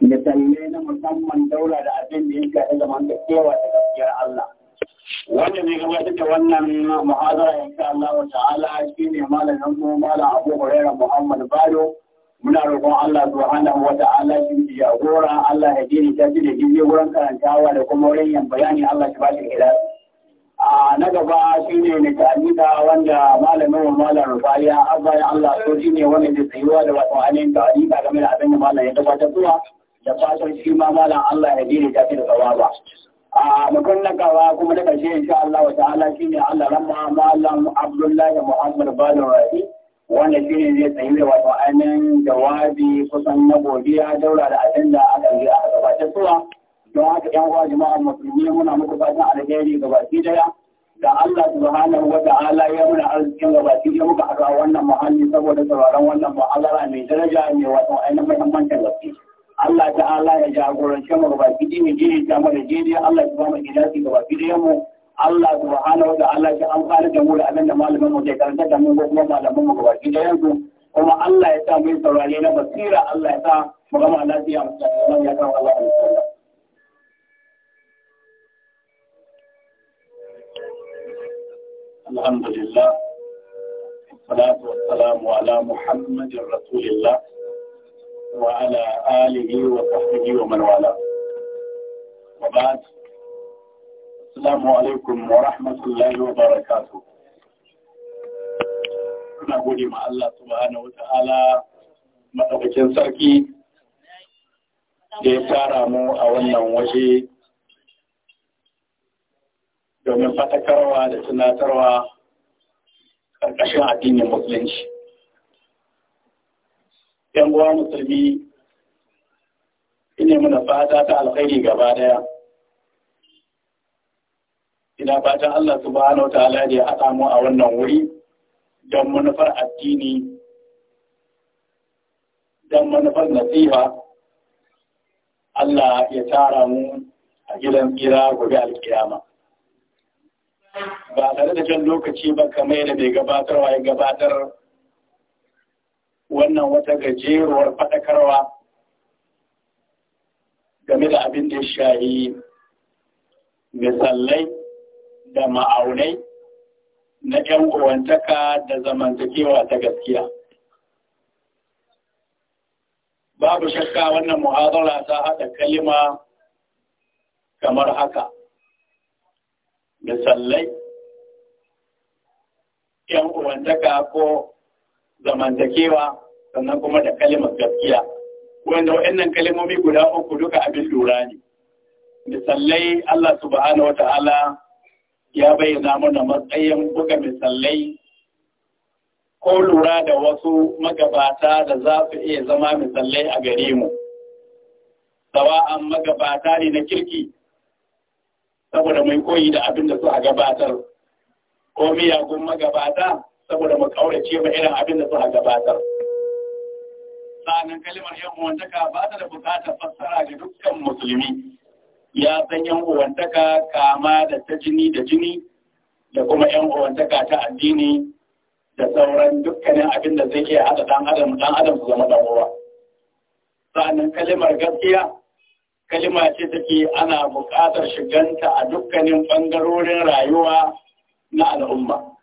da talle na musamman daura da abin da yake da zaman da kewa da gaskiyar Allah. Wanda ne gabatar da wannan muhazara insha Allah wa ta'ala shine malamin mu malam Abu Hurairah Muhammad Bado muna roƙon Allah subhanahu wa ta'ala shi ya gora Allah ya dini ta ji da jiye wurin karantawa da kuma wurin yan bayani Allah shi ba shi hidayah. a na gaba shi ne na ta'alida wanda malamin wa malar rufariya abbayan Allah so shi ne wanda zai tsayuwa da wato ainihin ta'alida game da abin da malam ya gabatar zuwa da fatan shi ma malam Allah ya dini ta da tsawaba. A mutum na gawa kuma da kashe insha Allah wa ta'ala shine ne Allah ramma malam Abdullahi Muhammad Balo Rafi wanda shine ne zai tsayi da wato ainihin jawabi kusan na godiya daura da abin da aka yi a gabatar suwa. Don haka ‘yan uwa jama'ar musulmi muna muku fatan alheri gabaki daya. Da Allah subhanahu wa ta'ala ya muna arzikin gabaki daya muka haɗa wannan muhalli saboda sauraron wannan mu'amala mai daraja mai wato ainihin muhimmancin gaske. Allah ta'ala ya jagorance mu ga baki dini jiri ta mu da Allah ya ba mu gidaji ga baki da mu Allah subhanahu wa ta'ala ya fara da mu da abin malamin mu ke karanta da mu ko kuma malamin mu ga baki da yanzu kuma Allah ya sa mu saurare na basira Allah ya sa mu ga mu ya Allah الحمد لله والصلاة والسلام على محمد رسول الله وعلى آله وصحبه ومن والاه وبعد السلام عليكم ورحمة الله وبركاته Kuna gode ma Allah subhanahu wa ta'ala madaukakin sarki da ya tara mu a wannan waje domin faɗakarwa da tunatarwa ƙarƙashin addinin musulunci. yan uwa musulmi ina muna fata ta alkhairi gaba daya ina fatan Allah subhanahu wa ta'ala ya haɗa mu a wannan wuri don manufar addini don manufar nasiha Allah ya tara mu a gidan tsira gobe alkiyama ba tare da can lokaci ba kamar yadda bai gabatarwa ya gabatar wannan wata gajeruwar faɗakarwa game da abin da ya shayi misalai da ma'aunai na ‘yan uwantaka da zamantakewa ta gaskiya. Babu shakka wannan muhazara ta haɗa kalima kamar haka, misalai ‘yan uwantaka ko zamantakewa sannan kuma da kalimar gaskiya wanda waɗannan kalimomi guda uku duka abin lura ne misalai Allah subhanahu wata'ala ya bayyana mana matsayin buga misalai ko lura da wasu magabata da za su iya zama misalai a gare mu sawa'an magabata ne na kirki saboda mai koyi da abin da su a gabatar ko miyagun magabata saboda mu kaurace ma irin abin da suka gabatar sanan kalmar yan uwantaka ba ta da bukatar fassara ga dukkan musulmi ya san yan uwantaka kama da ta jini da jini da kuma yan uwantaka ta addini da sauran dukkanin abin da zai iya hada dan adam dan adam su zama dan sanan kalmar gaskiya kalima ce take ana buƙatar shiganta a dukkanin ɓangarorin rayuwa na al'umma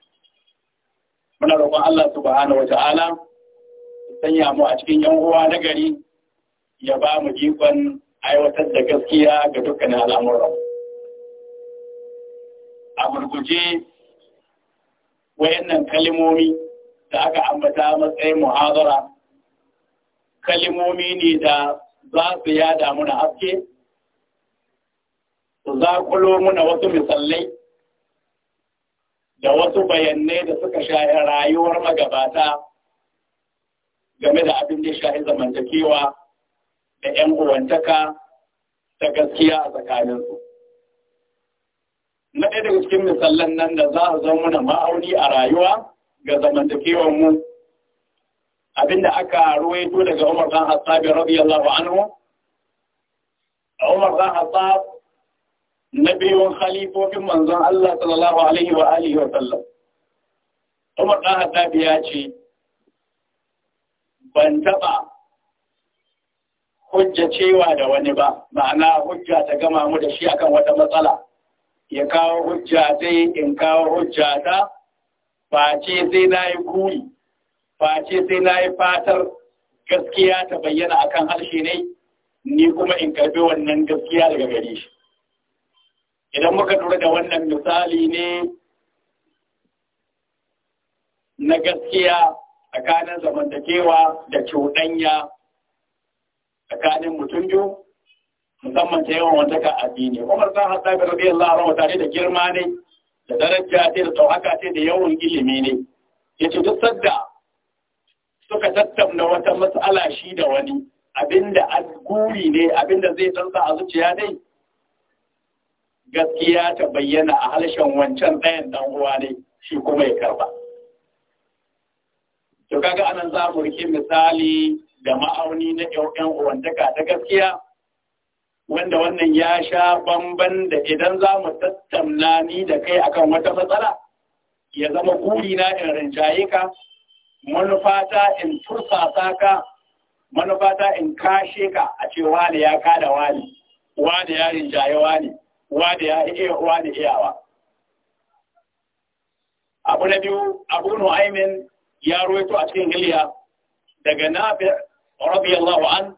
muna roƙon Allah subhanahu wa ta'ala sanya mu a cikin yan uwa na gari ya ba mu jikon aiwatar da gaskiya ga dukkanin al'amuran a gurguje wayannan kalimomi da aka ambata matsayin muhazara kalimomi ne da za su yada muna haske su zakulo muna wasu misalai da wasu bayanai da suka shahi rayuwar magabata game da abin da ya shahi zamantakewa da 'yan uwantaka ta gaskiya a tsakaninsu. Na ɗaya daga cikin misallan nan da za a zama na ma'auni a rayuwa ga zamantakewar mu abinda aka ruwaito daga Umar ɗan Hassabi radiyallahu anhu Umar Zan Hassab na biyun khalifofin manzon Allah sallallahu alaihi wa alihi wa sallam Umar ɗan Hattabi ya ce ban taɓa hujja cewa da wani ba ma'ana hujja ta gama mu da shi akan wata matsala ya kawo hujja sai in kawo hujja ta face sai na yi kuri face sai na yi fatar gaskiya ta bayyana akan harshe ne ni kuma in karbi wannan gaskiya daga gare shi idan muka lura da wannan misali ne na gaskiya tsakanin zamantakewa da cuɗanya tsakanin mutum biyu musamman ta yawan wata ka addini umar san hatta ga rabi Allah tare da girma ne da daraja ce da tauhaka ce da yawan ilimi ne yace duk sadda suka tattauna wata matsala shi da wani abinda guri ne abinda zai sansa a zuciya dai gaskiya ta bayyana a halshen wancan ɗayan dan uwa ne shi kuma ya karba to kaga anan za mu rike misali da ma'auni na ƴan uwantaka ta gaskiya wanda wannan ya sha bamban da idan za mu tattauna ni da kai akan wata matsala ya zama na in rinjaye ka manufata in tursasa ka manufata in kashe ka a ce wani ya kada wani wani ya rinjaye wani wani ya iya wani iyawa abu na biyu abu nu'aymin ya ruwaito a cikin hilya daga nafi radiyallahu an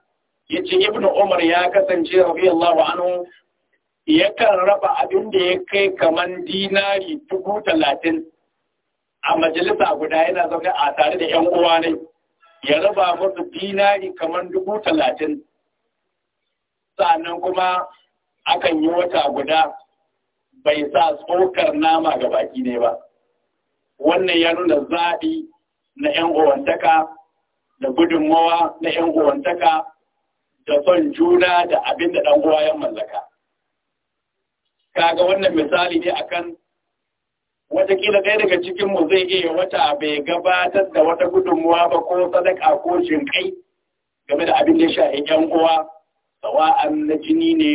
ce Ibn umar ya kasance radiyallahu ya yakan raba abin da ya kai kaman dinari dubu talatin a majalisa guda yana zaune a tare da yan uwa ne ya raba musu dinari kamar dubu talatin sannan kuma akan yi wata guda bai sa tsokar nama ga baki ne ba wannan ya nuna zaɓi na 'yan uwantaka da gudunmawa na 'yan uwantaka da son juna da abin da ɗan uwa ya mallaka kaga wannan misali ne akan watakila ɗaya daga cikinmu zai iya wata bai gabatar da wata gudunmawa ba ko sadaka ko shinkai game da abin da sha yan uwa sawa'an na jini ne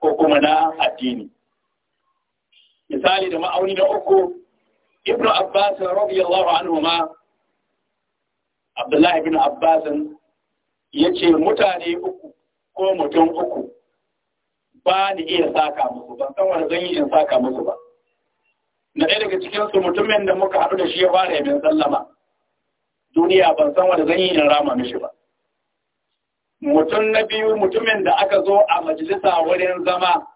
ko kuma na addini misali da ma'auni na uku ibnu abbas radiyallahu anhu ma abdullahi bin abbas ya ce mutane uku ko mutum uku ba ni iya saka musu ban san wani zan yi in saka musu ba na ɗaya daga cikinsu mutumin da muka haɗu da shi ya fara yabin sallama duniya ban san wani zan yi in rama mishi ba mutum na biyu mutumin da aka zo a majalisa wurin zama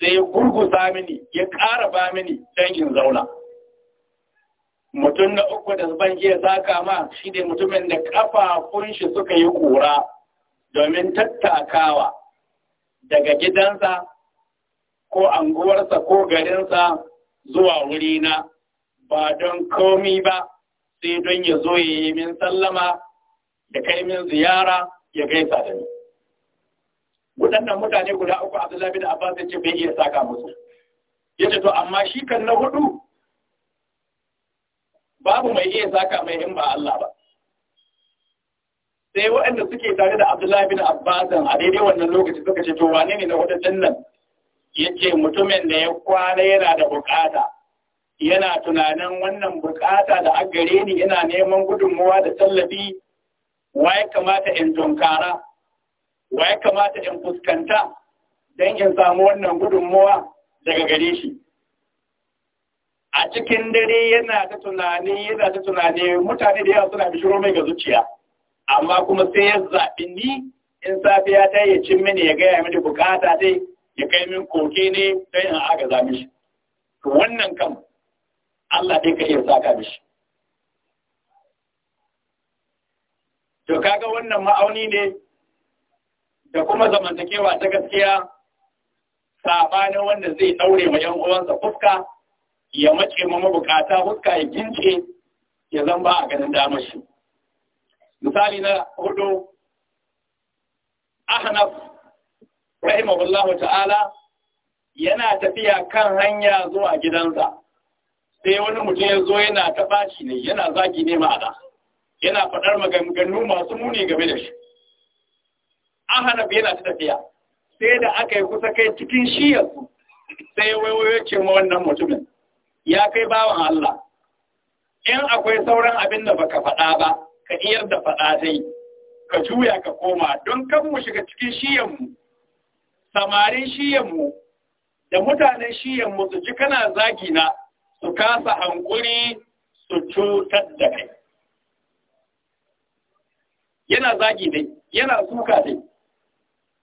sai ya gurgusa mini ya ƙara ba mini dangin zauna mutum na uku da ban iya saka ma shi ne mutumin da ƙafafun shi suka yi ƙura domin tattakawa daga gidansa ko anguwarsa ko garinsa zuwa wurina ba don komi ba sai don ya zo ya yi min sallama da kai min ziyara ya gaisa da ni waɗannan mutane guda uku a Abdullahi da Abbas ce bai iya saka musu ce, to amma shi kan na hudu babu mai iya saka mai in ba Allah ba sai waɗanda suke tare da Abdullahi bin Abbas a daidai wannan lokaci suka ce to wane ne na hudun nan ce mutumin da ya kwana yana da bukata yana tunanin wannan bukata da aggare ni ina neman gudunmuwa da tallafi wa ya kamata in tunkara wa ya kamata in fuskanta don in samu wannan gudunmuwa daga gare shi a cikin dare yana ta tunani yana ta tunani mutane da yawa suna bishiro mai ga zuciya amma kuma sai ya zaɓi ni in safiya ta yi cin mini ya gaya mini bukata dai ya kai min koke ne don in agaza mishi wannan kam Allah dai ka iya saka mishi To kaga wannan ma'auni ne da kuma zamantakewa ta gaskiya sabanin wanda zai daure ma yan uwansa fuska ya mace ma mabukata fuska ya gince ya zan ba a ganin damar shi. Misali na hudu Ahnaf rahimahullahu ta'ala yana tafiya kan hanya zuwa gidansa sai wani mutum ya zo yana ta shi ne yana zaki ne ma'ana. yana faɗar maganganu masu muni game da shi ahana yana ta tafiya sai da aka yi kusa kai cikin yanzu sai waiwayo ce ma wannan mutumin ya kai bawan Allah in akwai sauran abin da baka faɗa ba ka iyar da faɗa zai, ka juya ka koma don kan mu shiga cikin shiyanmu samarin shiyanmu da mutanen shiyanmu su ji kana zagina su kasa hankuri su cutar da kai yana zagi dai yana suka dai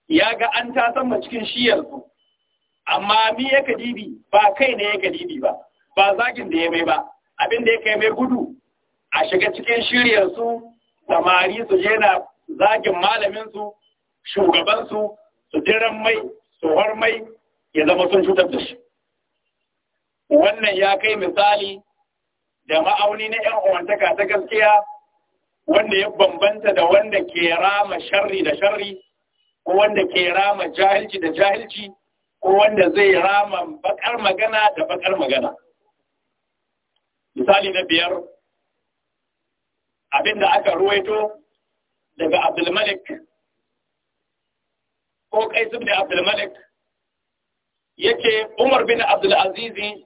ya ga an sama cikin shiyar shiyarsu amma mi ya kadibi ba kai ne ya kadibi ba ba zagin da ya mai ba abin da ya kai mai gudu a shiga cikin shiryarsu samari su je na zagin malaminsu shugabansu su jiran mai su mai ya zama sun cutar da shi wannan ya kai misali da ma'auni na 'yan uwantaka ta gaskiya wanda ya bambanta da wanda ke rama sharri da sharri ko wanda ke rama jahilci da jahilci ko wanda zai rama bakar magana da bakar magana misali na biyar abinda aka ruwaito daga abdulmalik ko kai ibn abdulmalik yake umar bin abdulazizi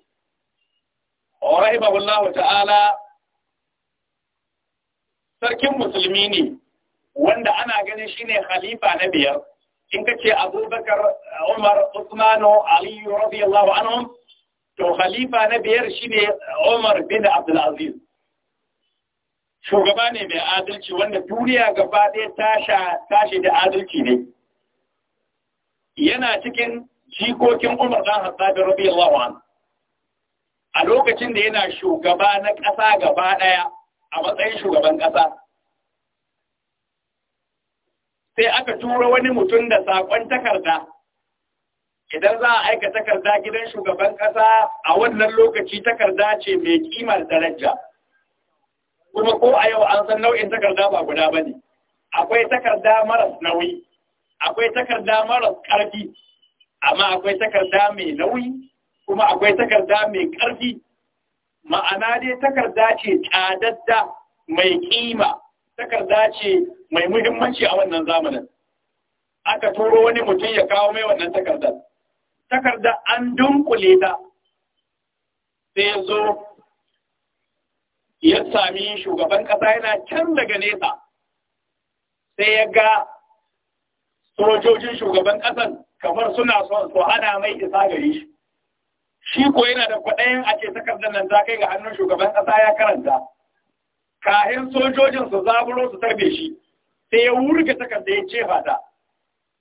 rahimahullahu ta'ala sarkin musulmi ne wanda ana ganin shine khalifa na biyar in ka ce abubakar umar usmanu aliyu radiyallahu anhum to khalifa na biyar shine umar bin abdulaziz shugaba ne mai adalci wanda duniya gaba ɗaya tasha tashi da adalci ne yana cikin jikokin umar dan hasabi radiyallahu anhu a lokacin da yana shugaba na ƙasa gaba ɗaya a matsayin shugaban ƙasa. Sai aka tura wani mutum da saƙon takarda, idan za a aika takarda gidan shugaban ƙasa a wannan lokaci takarda ce mai kimar daraja. Kuma ko a yau an san nau'in takarda ba guda ba ne, akwai takarda maras nauyi, akwai takarda maras ƙarfi, amma akwai takarda mai nauyi, kuma akwai takarda mai ƙarfi ma'ana dai takarda ce tsadadda mai kima takarda ce mai muhimmanci a wannan zamanin aka turo wani mutum ya kawo mai wannan takardar Takarda an dunkule ta sai zo ya sami shugaban kasa yana can daga nesa sai ya ga sojojin shugaban kasan kamar suna so hana mai isa gare shi shi ko yana da kwaɗayin ake takardar nan ta kai ga hannun shugaban ƙasa ya karanta kahin sojojin su zaburo su tarbe shi sai ya wurge takardar ya cefa ta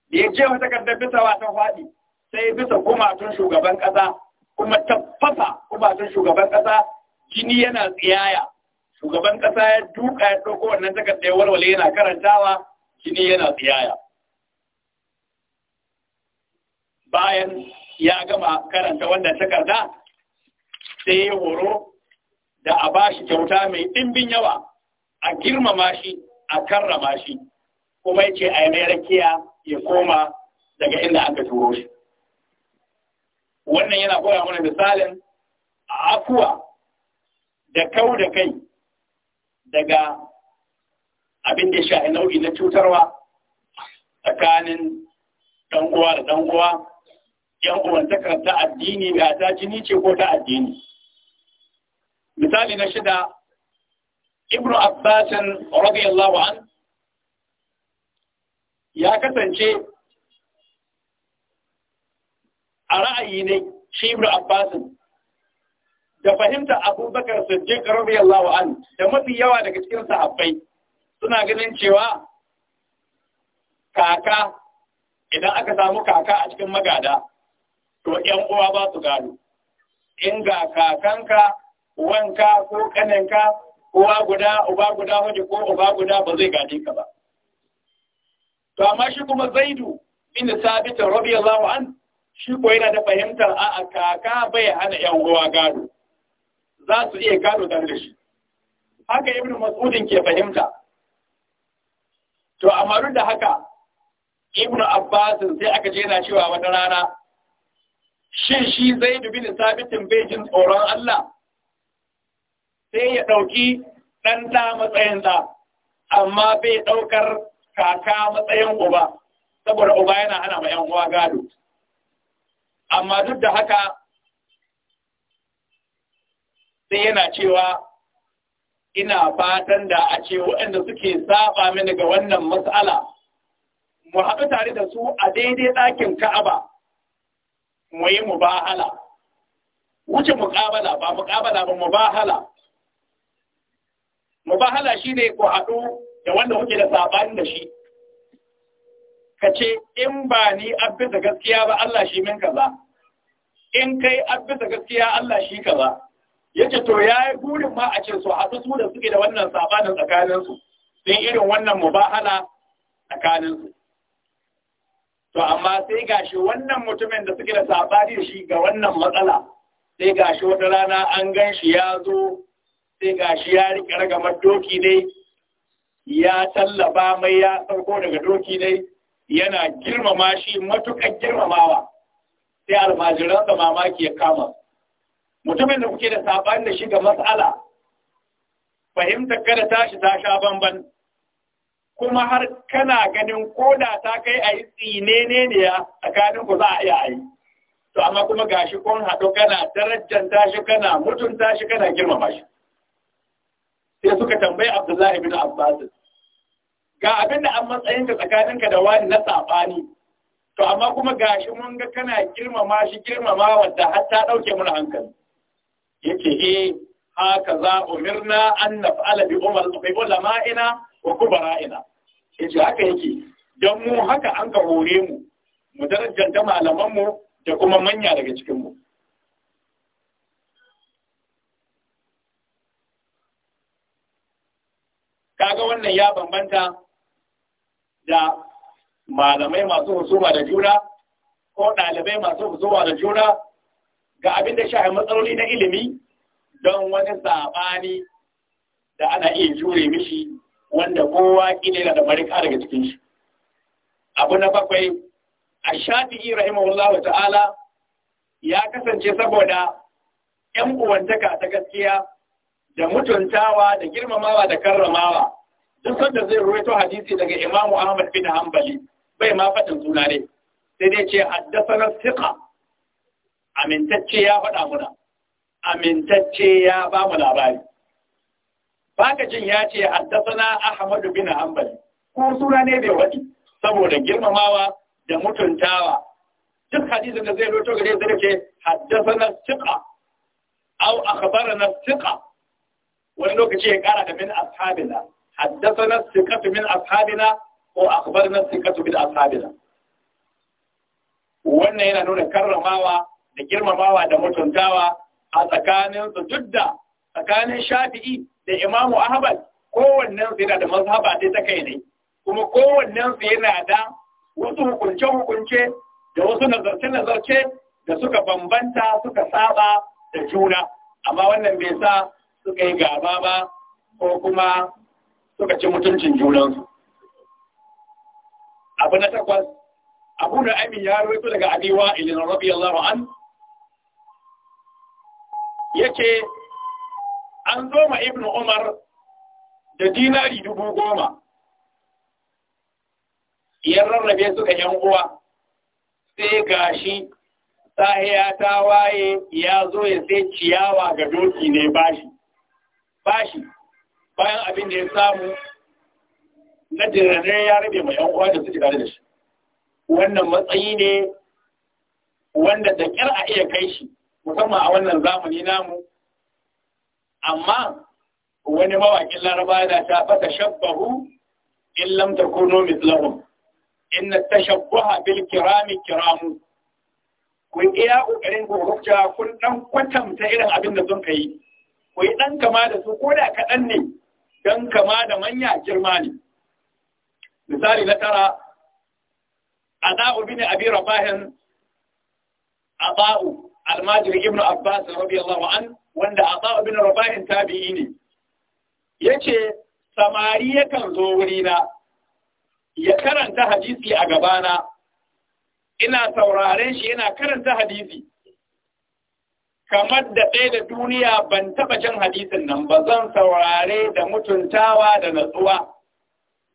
da ya cefa takardar bisa watan faɗi sai bisa kumatun shugaban ƙasa kuma tabbata kumatun shugaban ƙasa jini yana tsiyaya shugaban ƙasa ya duka ya ɗauko wannan takardar ya walwale yana karantawa jini yana tsiyaya bayan ya gama karanta wannan takarda sai ya horo da a ba shi kyauta mai ɗimbin yawa a girmama shi a karrama shi kuma ya ce a yi rakiya ya koma daga inda aka turo shi wannan yana koya mana misalin afuwa da kau da kai daga abin da shahi nau'i na cutarwa tsakanin ɗan'uwa da ɗan'uwa yan uwantakar ta addini ga ta jini ce ko ta addini misali na shida ibnu abbasin radiyallahu an ya kasance a ra'ayi ne shi ibnu abbasin da fahimta abubakar siddiq radiyallahu an da mafi yawa daga cikin sahabbai suna ganin cewa kaka idan aka samu kaka a cikin magada to ƴan uwa ba su gado, in ga kakanka, wanka ko kaninka, uwa guda, uba guda hujji ko uba guda ba zai gane ka ba. To, amma shi kuma zaidu bin sabita radiyallahu an shi ko yana da fahimtar a kaka bai hana ƴan uwa gado, za su iya gado tare da shi. Haka Ibn Mas'udin ke fahimta. To, amma duk da haka, Ibn Abbas sai aka je yana cewa wata rana, shin shi zai dubi da sabitin bejin tsoron Allah sai ya ɗauki ɗan ta matsayin ɗa amma bai ɗaukar kaka matsayin uba saboda uba yana hana ma 'yan uwa gado amma duk da haka sai yana cewa ina fatan da a ce waɗanda suke saba mini ga wannan matsala mu haɗu tare da su a daidai ɗakin ka'aba mu yi mubahala wuce muƙabala ba muƙabala ba mubahala mubahala shi ne ku haɗu da wanda kuke da sabani da shi ka ce in ba ni abin da gaskiya ba Allah shi min kaza in kai abin da gaskiya Allah shi kaza yace to yayi burin ma a ce su haɗu su da suke da wannan saɓanin tsakaninsu sun irin wannan mubahala tsakaninsu to amma sai gashi wannan mutumin da suke da sabani da shi ga wannan matsala sai gashi wata rana an gan shi ya zo sai gashi ya rike ragamar doki ne. ya tallaba mai ya sauko daga doki dai yana girmama shi matukar girmamawa sai almajiransa mamaki ya kama mutumin da kuke da sabani da shi ga matsala fahimtar kada tashi ta sha bamban kuma har kana ganin koda ta kai a yi tsine ne ya tsakanin ku za a iya yi. To amma kuma shi kun haɗu kana darajanta shi kana mutunta shi kana girmama shi. Sai suka tambayi Abdullahi bin Abbas. Ga abin da an matsayinka tsakaninka da wani na saɓani. To amma kuma ga shi mun ga kana girmama shi girmama wadda har ta ɗauke mun hankali. Yake eh haka za umirna an naf'ala bi umar bi ulama'ina wa baraina yace haka yake don mu haka an ka hore mu mu darajanta malaman mu da kuma manya daga cikin mu kaga wannan ya bambanta da malamai masu husuma da juna ko ɗalibai masu husuma da juna ga abin da shahin matsaloli na ilimi don wani saɓani da ana iya jure mishi wanda kowa kila yana da marika daga cikin shi abu na bakwai a shafi'i rahimahullah ta'ala ya kasance saboda ‘yan uwantaka ta gaskiya da mutuntawa da girmamawa da karramawa duk sanda zai ruwaito hadisi daga imamu ahmad bin hanbali bai ma faɗin suna ne sai dai ce haddasa siqa amintacce ya faɗa muna amintacce ya ba mu labari baka jin ya ce haddasana Ahmadu bin Hanbal ko sura ne bai wadi saboda girmamawa da mutuntawa duk hadisin da zai roto gare zai ce haddasana thiqa aw akhbarana thiqa wani lokaci ya kara da min ashabina haddasana thiqatu min ashabina ko akhbarana thiqatu min ashabina wannan yana nuna karramawa da girmamawa da mutuntawa a tsakanin su duk da tsakanin shafi'i da Imamu Ahmad kowannen su yana da mazhaba dai ta kai ne kuma kowannen su yana da wasu hukunce hukunce da wasu nazarce nazarce da suka bambanta suka saba da juna amma wannan bai sa suka yi gaba ba ko kuma suka ci mutuncin junansu abu na takwas abu na amin ya rawaito daga abiwa ilin rabi an yake an zo ma ibn umar da dinari dubu goma ya rarrabe suka yan uwa sai gashi sahiya ta waye ya zo ya sai ciyawa ga doki ne bashi bashi bayan abin da ya samu na jirage ya rabe mai yan uwa da suke tare da shi wannan matsayi ne wanda da kyar a iya kai shi musamman a wannan zamani namu amma wani mawaƙin laraba da ta fata shabbahu in lam takunu mislahum inna tashabbaha bil kirami kiramu ku iya ƙoƙarin gurgurta kun dan kwatanta irin abin da sun kai ku yi dan kama da su ko da kaɗan ne dan kama da manya girma ne misali na tara ada'u bin abi rabahin ada'u al-Majri ibnu abbas radiyallahu anhu wanda Aba bin Rabahin tabi'i ne Ya ce, samari yakan zo wurina ya karanta hadisi a gabana ina sauraren shi yana karanta hadisi kamar da ɗaya da duniya ban taɓa jan hadisin nan ba zan saurare da mutuntawa da natsuwa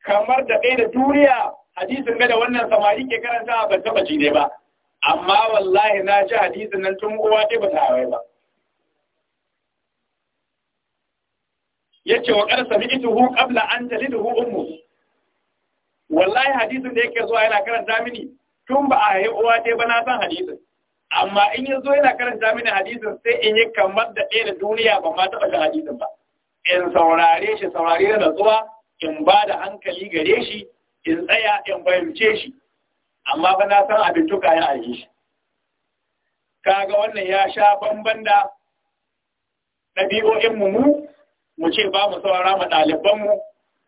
kamar da ɗaya da duniya hadisin ga da wannan samari ke karanta ban taɓa ji ne ba amma wallahi na ji hadisin nan tun uwa ɗaya ba ta ba yace wa qad sami'tuhu qabla an talidahu ummu wallahi hadisin da yake zuwa yana karanta mini tun ba a yi uwa dai ba na san hadisin amma in yazo yana karanta mini hadisin sai in yi kamar da ɗaya da duniya ba ma taɓa shi hadisin ba in saurare shi saurare da natsuwa in ba da hankali gare shi in tsaya in fahimce shi amma ba na san abin tuka ya aje shi kaga wannan ya sha bamban da ɗabi'o'in mu mu ce ba mu saurara mu ɗalibanmu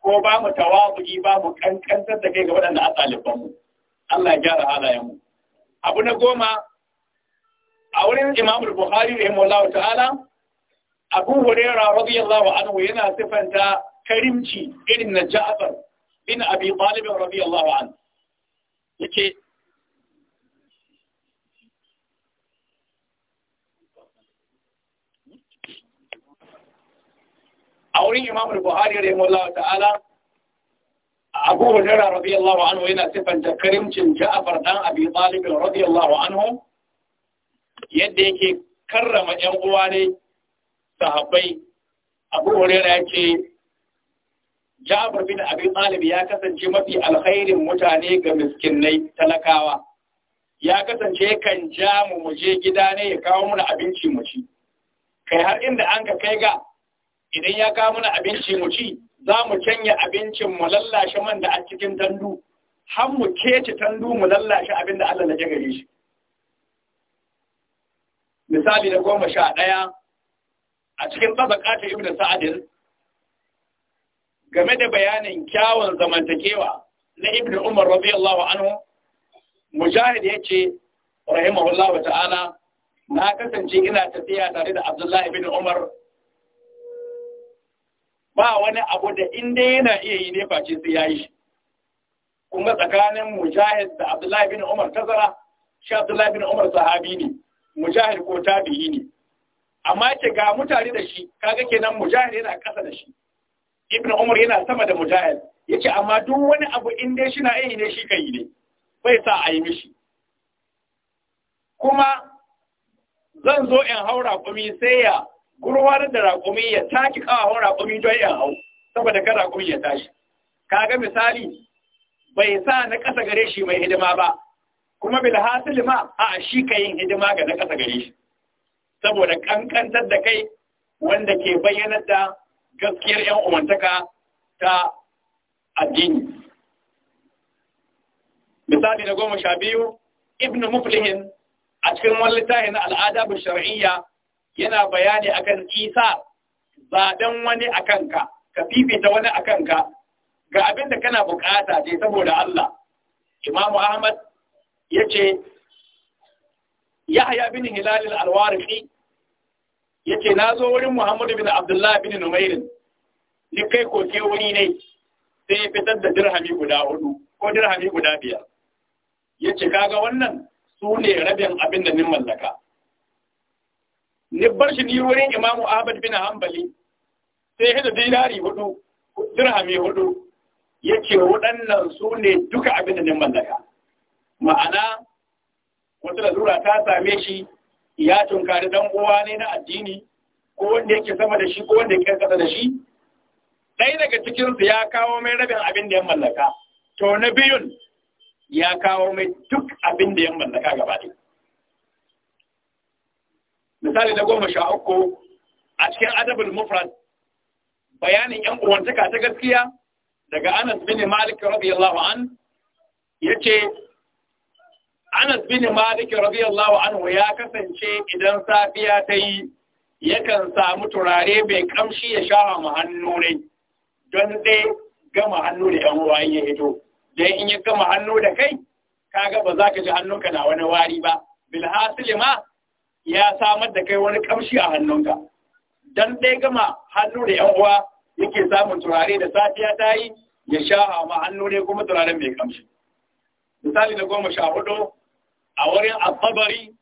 ko ba mu tawazu'i ba mu kankantar da kai ga waɗanda a ɗalibanmu Allah ya gyara halayenmu abu na goma a wurin imamul buhari rahimahullahu ta'ala abu hurairah radiyallahu anhu yana sifanta karimci irin na ja'far bin abi talib radiyallahu anhu yake a wurin Imam Buhari rahimahullahu ta'ala Abu Hurairah radiyallahu anhu yana sifanta karimcin Ja'far dan Abi Talib radiyallahu anhu yadda yake karrama yan uwa ne sahabbai Abu Hurairah yake Ja'far bin Abi Talib ya kasance mafi alkhairin mutane ga miskinai talakawa ya kasance kan ja mu mu je gida ne ya kawo mana abinci mu ci kai har inda an ka kai ga idan ya kawo mana abinci mu ci za mu canya abincin mu lallashe man da a cikin tandu har mu kece tandu mu lallashe abin da Allah ya gare shi misali da goma sha ɗaya a cikin tabaka ta ibnu sa'adin game da bayanin kyawun zamantakewa na Ibn umar radiyallahu anhu mujahid yace rahimahullahu ta'ala na kasance ina tafiya tare da abdullahi ibn umar ba wani abu da inda yana iya yi ne face sai ya yi shi kuma tsakanin mujahid da abdullahi bin umar tazara shi abdullahi bin umar sahabi ne mujahid ko tabi'i ne amma yake ga mutane da shi kaga kenan mujahid yana ƙasa da shi ibn umar yana sama da mujahid yace amma duk wani abu inda shi na yi ne shi kai ne bai sa a yi mishi kuma zan zo in haura kuma sai ya gurwarar da raƙumi ya taki ƙawahon raƙumi don ya hau saboda ka raƙumi ya tashi Ka ga misali bai sa na ƙasa gare shi mai hidima ba kuma bil hasil ma a shi ka yin hidima ga na ƙasa gare shi saboda ƙanƙantar da kai wanda ke bayyanar da gaskiyar yan umantaka ta addini misali na goma sha biyu ibn muflihin a cikin wani littafin al'ada bin shar'iyya yana bayani akan isa ba dan wani akan ka ka fifita wani akan ka ga abin da kana bukata ce saboda Allah Imam ahmad yace yahya bin hilal al-warqi yace nazo wurin muhammad bin abdullah bin numair ni kai ko ke wuri ne sai ya fitar da dirhami guda hudu ko dirhami guda biyar yace kaga wannan su ne rabin abin da nin mallaka Nibbar bar shi ni wurin imamu ahmad bin hanbali sai hada dinari hudu dirhami hudu yake ce waɗannan su ne duka abin da ni mallaka ma'ana wata lalura ta same shi ya tunkari dan uwa ne na addini ko wanda yake sama da shi ko wanda yake kasa da shi ɗaya daga cikinsu ya kawo mai rabin abin da ya mallaka to na biyun ya kawo mai duk abin da ya mallaka gaba ɗaya misali na goma sha uku a cikin adabul mufrad bayanin yan uwantaka ta gaskiya daga Anas bin Malik radiyallahu an yace Anas bin Malik radiyallahu An ya kasance idan safiya ta yi yakan samu turare mai kamshi ya shawa mu hannu ne don dai gama hannu da yan uwa ya hito dai in ya gama hannu da kai kaga ba za ka ji hannunka na wani wari ba bilhasil ma ya samar da kai wani kamshi a hannunka Don ɗaya gama hannu da yan uwa yake samun turare da safiya ta yi ya sha hama hannu ne kuma turaren mai kamshi misali da goma sha hudu a wurin alfabari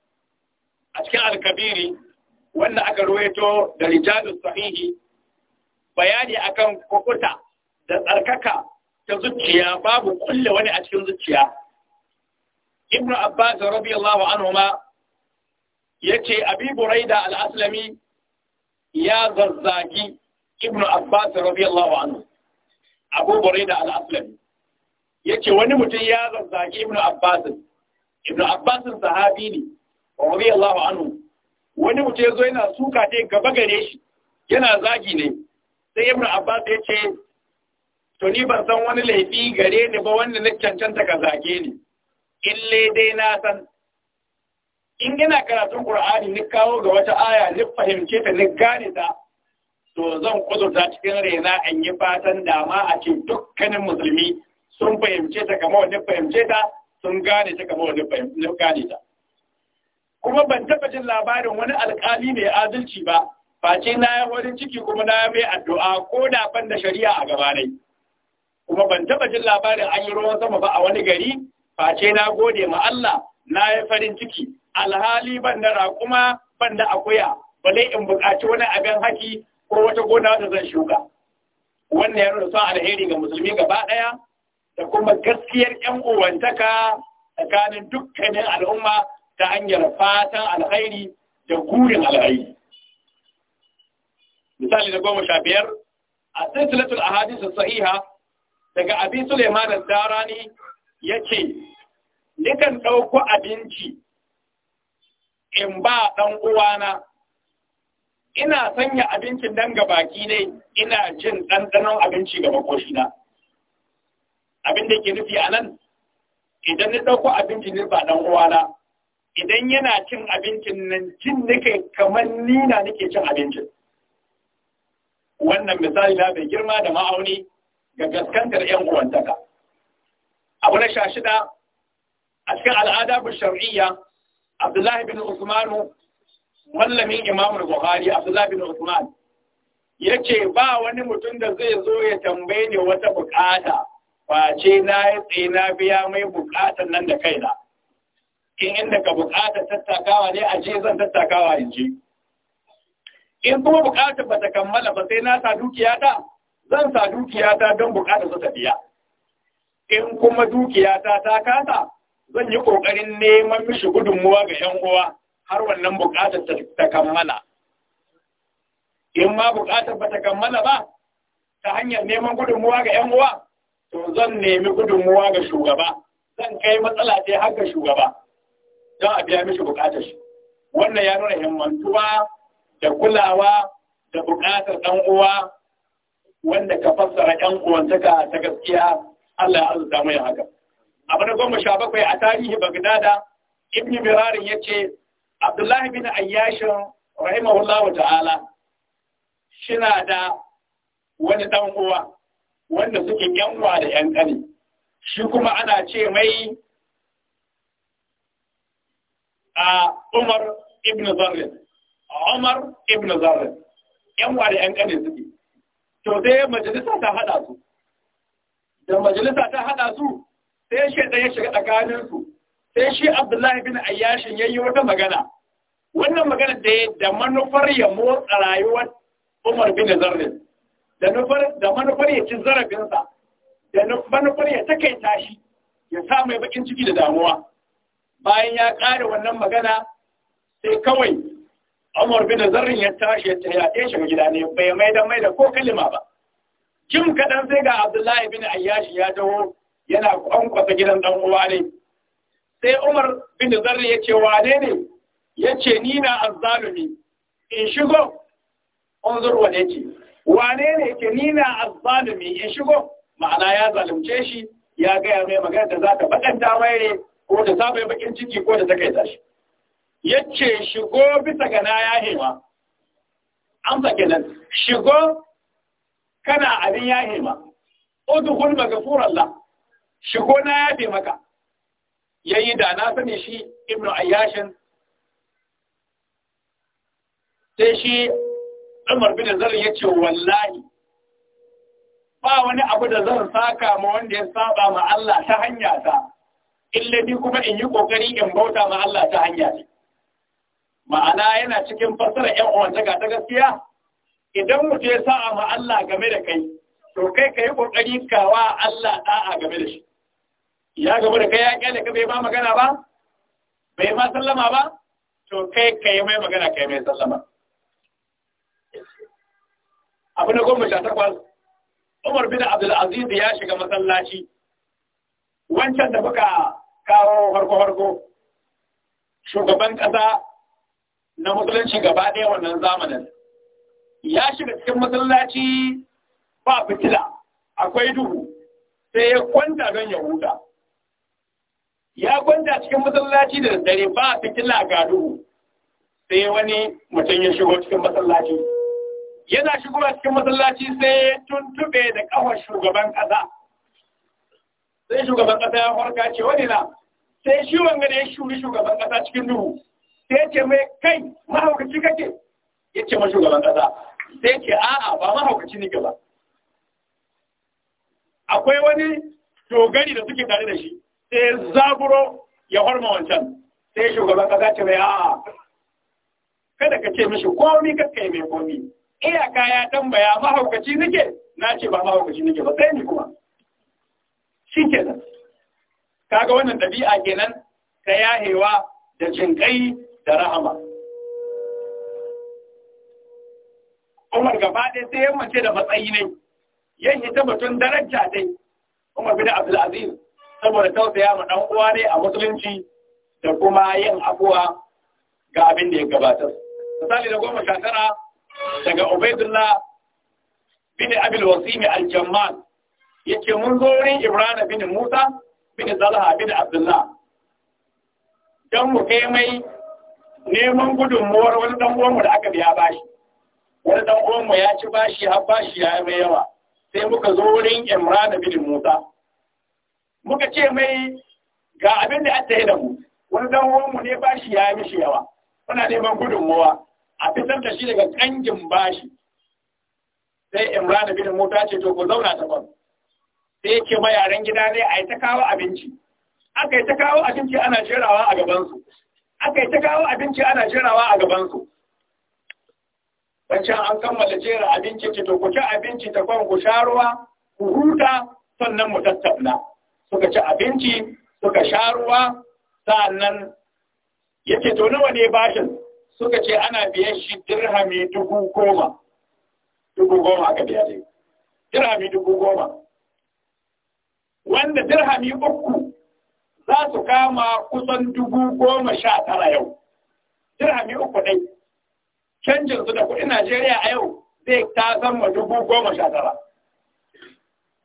a cikin alkabiri wanda aka ruwaito da rijalus sahihi bayani akan kukuta da tsarkaka ta zuciya babu kulle wani a cikin zuciya ibnu abbas radiyallahu anhu ma Ya ce abi buraida al-aslami ya zazzagi Ibn abbas radiyallahu anhu abu buraida al ya ce, wani mutum ya zazzagi Ibn abbas Ibn abbas sahabi ne radiyallahu anhu wani mutum ya zo yana suka ta gaba gare shi yana zagi ne sai Ibn abbas ce, to ni ban san wani laifi gare ni ba wanda na cancanta ka zage ni in dai na san in gina karatun Kur'ani, ni kawo ga wata aya ni fahimce ta ni gane ta to zan kudurta cikin raina in yi fatan dama a ce dukkanin musulmi sun fahimce ta kamar wani fahimce ta sun gane ta kamar wani fahimce ta kuma ban taɓa jin labarin wani alƙali mai adalci ba face na yi wani ciki kuma na mai addu'a ko da ban da shari'a a gaba ne kuma ban taɓa jin labarin an yi ruwan sama ba a wani gari face na gode ma Allah na yi farin ciki alhali ban da raƙuma ban da akuya bale in buƙaci wani abin haƙi ko wata gona wata zan shuka wannan ya nuna alheri ga musulmi gaba ɗaya da kuma gaskiyar ƴan uwantaka tsakanin dukkanin al'umma ta hanyar fatan alheri da gurin alheri misali da goma sha biyar a silsilatul ahadisu sahiha daga abin suleiman darani ya ce nikan ɗauko abinci in ba ɗan uwana ina sanya abincin dan ga baki ne ina jin ɗanɗanon abinci ga makoshina abin da ke nufi a nan idan ni ɗauko abinci ne ba ɗan uwana idan yana cin abincin nan jin nake kamar ni na nake cin abincin wannan misali na bai girma da ma'auni ga gaskantar 'yan uwantaka abu na sha shida a cikin al'ada bu shar'iyya Abdullahi bin Usman mallamin Imam Bukhari Abdullahi bin Usman yace ba wani mutum da zai zo ya tambaye ni wata bukata ce na yi tsina na biya mai bukatar nan da kaina in inda ka bukata tattakawa ne a je zan tattakawa in je in kuma bukatar ba ta kammala ba sai na sa dukiyata zan sa dukiyata don bukatar su ta biya in kuma dukiyata ta kasa zan yi ƙoƙarin neman mishi gudunmuwa ga ‘yan uwa har wannan buƙatar ta kammala. In ma buƙatar ba ta kammala ba, ta hanyar neman gudunmuwa ga ‘yan uwa, to zan nemi gudunmuwa ga shugaba, zan kai matsala ce har ga shugaba, don a biya mishi buƙatar shi. Wannan ya nuna himmantuwa da kulawa da buƙatar ɗan uwa wanda ka fassara ‘yan uwantaka ta gaskiya Allah ya arzuta mai haka. abu na goma sha bakwai a tarihi bagdada ibn birarin ya ce abdullahi bin ayyashin rahimahullahu ta'ala shina da wani dan uwa wanda suke yanwa da yan kane shi kuma ana ce mai a umar ibn zarrin umar ibn zarrin yanwa da yan kane suke to dai majalisa ta hada su da majalisa ta hada su sai shi ya shiga tsakaninsu sai shi abdullahi bin ayyashin ya yi wata magana wannan magana da ya da manufar ya motsa rayuwar umar bin zarrin da manufar ya ci zarafinsa da manufar ya takaita shi ya sa mai bakin ciki da damuwa bayan ya ƙara wannan magana sai kawai umar bin zarrin ya tashi ya tafiya shiga gida ne bai mai da mai da ko kalima ba jim kaɗan sai ga abdullahi bin ayyashi ya dawo yana kwankwasa gidan dan uwa ne sai Umar bin Zarri ya ce wane ne ya ce ni na azzalumi in shigo unzur wane ce wane ne ke ni na azzalumi in shigo ma'ana ya zalunce shi ya gaya mai magana da zaka ta baɗanta mai ne ko da ta bai bakin ciki ko da ta kai tashi ya shigo bisa ga na ya hema amsa kenan shigo kana abin ya hema udkhul maghfur Allah shigo na yafe maka yayi da na sani shi ibnu ayyashin sai shi Umar bin Zar ya ce wallahi ba wani abu da zan saka ma wanda ya saba ma Allah ta hanya ta illa ni kuma in yi kokari in bauta ma Allah ta hanya ne ma'ana yana cikin fasara ƴan uwantaka ta gaskiya idan mutum ya sa'a ma Allah game da kai to kai ka kokari kawa Allah da'a game da shi ya gaba da kai ya kyale ka bai ma magana ba bai ma sallama ba to kai kai mai magana kai mai sallama abu na goma sha takwas Umar bin Abdul Aziz ya shiga masallaci wancan da muka kawo farko farko shugaban kasa na musulunci gaba ɗaya wannan zamanin ya shiga cikin masallaci ba fitila akwai duhu sai ya kwanta don ya huta ya gwanda cikin masallaci da dare ba a fitila ga sai wani mutum ya shigo cikin masallaci yana a cikin masallaci sai tuntube da kawar shugaban kasa sai shugaban kasa ya farka ce wani na sai shi wanga da ya shuri shugaban kasa cikin duhu sai ya ce mai kai mahaukaci kake ya ce ma shugaban kasa sai ce a'a ba mahaukaci nake ba akwai wani dogari da suke tare da shi sai zaburo ya horma wancan sai shugaban kasa ce mai a'a kada ka ce mishi komi kakkai mai komi iyaka ya tambaya mahaukaci nake na ce ba mahaukaci nake ba sai ni kuma shi kenan kaga wannan ɗabi'a kenan ta yahewa da jinƙai da rahama Umar gaba ɗaya sai yammace da matsayi ne yan hita batun daraja dai Umar bin Abdul Aziz saboda tausaya ma ɗan uwa ne a musulunci da kuma yin abuwa ga abin da ya gabatar. Misali da goma sha tara daga Ubaidullah bin Abil Wasimi al-Jammal yake mun zo wurin Ibrahim bin Musa bin Zalha bin Abdullah dan mu kai mai neman gudunmuwar wani dan uwanmu da aka biya bashi. Wani dan uwanmu ya ci bashi har bashi ya yi mai yawa. Sai muka zo wurin Imran bin Musa. muka ce mai ga abin da an tafi da mu wani dan uwanmu ne bashi ya yi mishi yawa muna neman gudunmuwa. a fitar da shi daga kangin bashi sai imran bin mota ce to ku zauna ta kwan sai ke ma yaren gida ne a yi ta kawo abinci aka yi ta kawo abinci ana jerawa a gabansu aka yi ta kawo abinci ana jerawa a gabansu wancan an kammala jera abinci ce to ku ci abinci ta kwan ku sha ruwa ku huta sannan mu tattauna suka ci abinci suka sha ruwa sa'annan yace to nawa ne bashin suka ce ana biyan shi dirhami dubu goma dubu goma aka biya dai dirhami dubu goma wanda dirhami uku za su kama kusan dubu goma sha tara yau dirhami uku dai canjin su da kuɗin Najeriya a yau zai ta zama dubu goma sha tara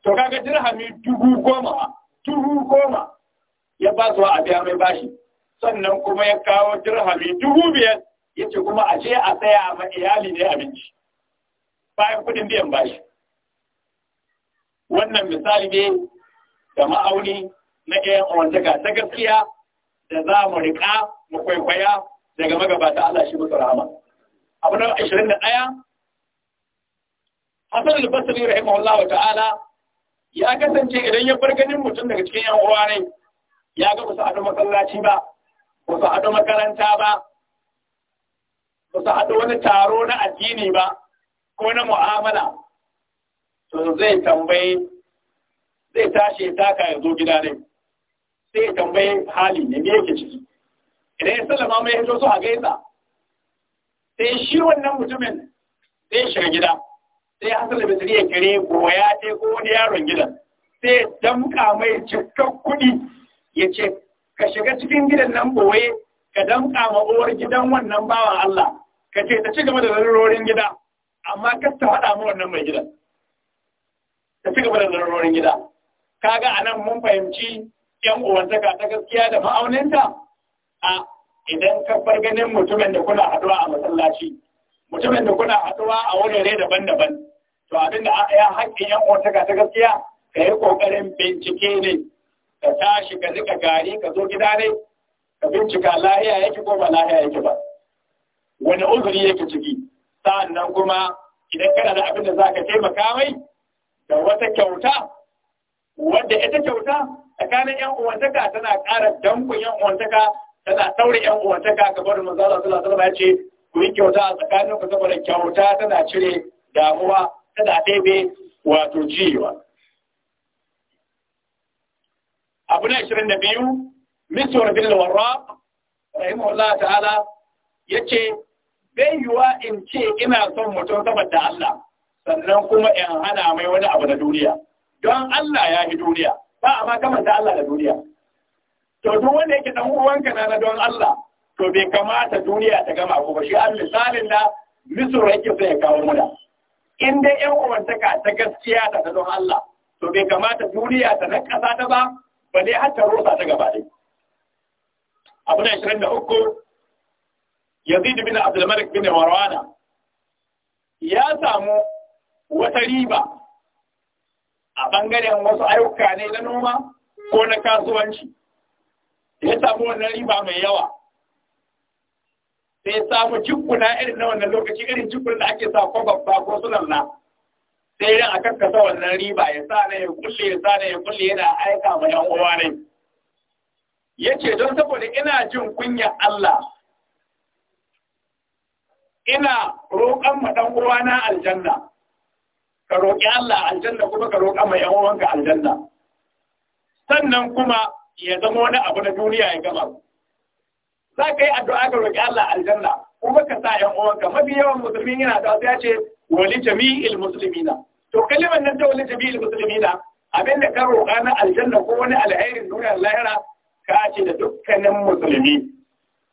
to kaga dirhami dubu goma dubu goma ya ba su a biya mai bashi sannan kuma ya kawo dirhami dubu biyar ya ce kuma a je a saya a iyali ne abinci bayan kudin biyan bashi wannan misali ne da ma'auni na ɗayan awantaka ta gaskiya da za mu riƙa mu kwaikwaya daga magabata Allah shi musu rahama abu na 21 Hassan al-Basri rahimahullahu ta'ala ya kasance idan ya bar ganin mutum daga cikin yan uwa ne ya ga wasu haɗu masallaci ba wasu haɗu makaranta ba wasu haɗu wani taro na addini ba ko na mu'amala to zai tambaye zai tashi ya taka ya zo gida ne sai ya tambayi hali ne me yake ciki idan ya sallama mai ya zo a gaisa sai shi wannan mutumin zai shiga gida sai hasala da zuriya kare goya dai ko wani yaron gidan sai damka mai cikar kuɗi ya ce ka shiga cikin gidan nan boye ka damka ma uwar gidan wannan bawan Allah ka ce ta ci gaba da lalurorin gida amma ka ta faɗa mu wannan mai gidan ta ci gaba da lalurorin gida kaga anan mun fahimci yan uwantaka ta gaskiya da ma'auninta a idan ka bar ganin mutumin da kuna haɗuwa a masallaci mutumin da kuna haɗuwa a wurare daban-daban to abin da ya haƙƙin yan uwantaka ta gaskiya ka yi ƙoƙarin bincike ne ka tashi ka zika gari ka zo gida ne ka bincika lahiya yake ko ba lahiya yake ba wani uzuri yake ciki sa'annan kuma idan kana da abin da za ka taimaka mai da wata kyauta wadda ita kyauta tsakanin yan uwantaka tana ƙara dankun yan uwantaka tana saurin yan uwantaka kamar da manzo Allah ya ce ku yi kyauta a tsakaninku saboda kyauta tana cire damuwa kada a ɗaibe wato jiwa abu na ashirin da biyu misuwar bin lawarra rahimahullah ta'ala ya ce bai yiwa in ce ina son mutum saboda Allah sannan kuma in hana mai wani abu na duniya don Allah ya yi duniya ba a ma kamanta Allah da duniya to duk wanda yake dan uwanka na don Allah to bai kamata duniya ta gama ko ba shi an misalin da misra yake sai ya kawo muna in dai yan uwantaka ta gaskiya da ta don Allah to bai kamata duniya ta nan ƙasa ta ba ba dai har ta rusa ta gaba dai abu na 23 yazid bin abdulmalik bin marwana ya samu wata riba a bangaren wasu ayyuka ne na noma ko na kasuwanci ya samu wannan riba mai yawa sai samu cikuna irin na wannan lokaci irin cikun da ake sa ko babba ko sunanna? sai ran akan kasa wannan riba ya sa ne ya kulle ya sa ne ya kulle yana aika ma yan uwa ne yace don saboda ina jin kunya Allah ina roƙon ma dan uwa na aljanna ka roƙi Allah aljanna kuma ka roƙa ma yan uwanka aljanna sannan kuma ya zama wani abu na duniya ya gama za ka yi addu'a ga roƙi Allah aljanna kuma ka sa ƴan uwanka mafi yawan musulmi yana da ya ce wali jami'il muslimina to kalimar nan ta wali jami'il muslimina abinda ka roƙa na aljanna ko wani alherin duniyar lahira ka ce da dukkanin musulmi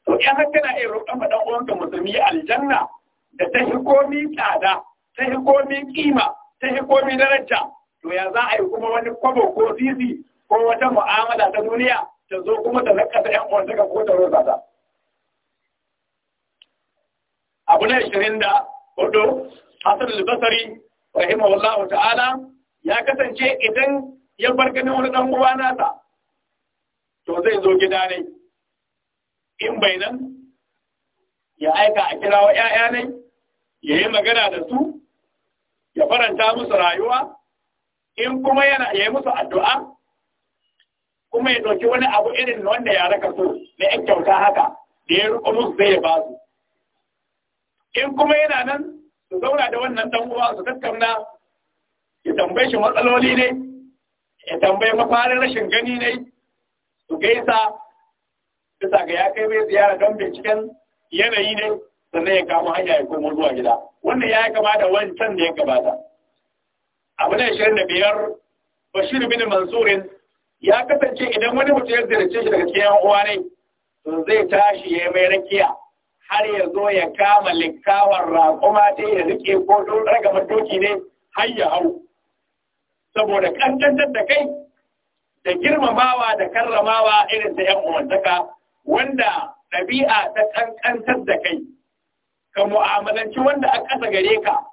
to in har kana iya roƙon ma ɗan uwanka musulmi aljanna da ta komi tsada ta komi kima ta komi daraja to ya za a yi kuma wani kwabo ko sisi ko wata mu'amala ta duniya ta zo kuma ta nakasa uwan uwantaka ko ta rosa ta. abu na shirin da hudu hasar albasari rahimu Allah ta'ala ya kasance idan ya bar ganin wani dan uwa nasa to zai zo gida ne in bai nan ya aika a kira wa ‘ya'ya ne ya yi magana da su ya faranta musu rayuwa in kuma yana ya yi musu addu'a kuma ya ɗauki wani abu irin wanda ya raka so na ƴan kyauta haka da ya riko musu zai ya ba su in kuma yana nan su zauna da wannan dan uwa su tattauna ya tambaye shi matsaloli ne ya tambaye mafarin rashin gani ne su gaisa bisa ga ya kai mai ziyara don binciken yanayi ne sannan ya kama hanya ya komo zuwa gida wannan ya kama da wancan da ya gabata abu na shirin da biyar bashir bin mansurin ya kasance idan wani mutum ya ziyarce shi daga cikin yan uwa ne zai tashi ya mai rakiya har ya zo ya kama likkawar raƙuma dai ya rike ko don raga matoki ne har ya hau saboda kantantar da kai da girmamawa da karramawa irin ta yan umartaka wanda ɗabi'a ta ƙanƙantar da kai ka mu'amalanci wanda a ƙasa gare ka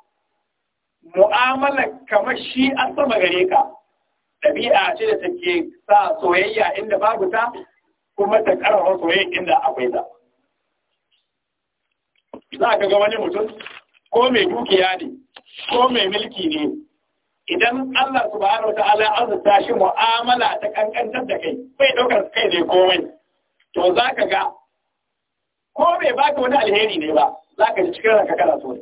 mu'amala kamar shi a sama gare ka ɗabi'a ce da take sa soyayya inda babu ta kuma ta ƙarfafa soyayya inda akwai ta. za ka ga wani mutum ko mai dukiya ne ko mai milki ne idan Allah subhanahu wa ta'ala azurta shi mu'amala ta kankantar da kai bai daukar kai ne komai to za ka ga ko mai baka wani alheri ne ba za ka ji cikin ranka kana so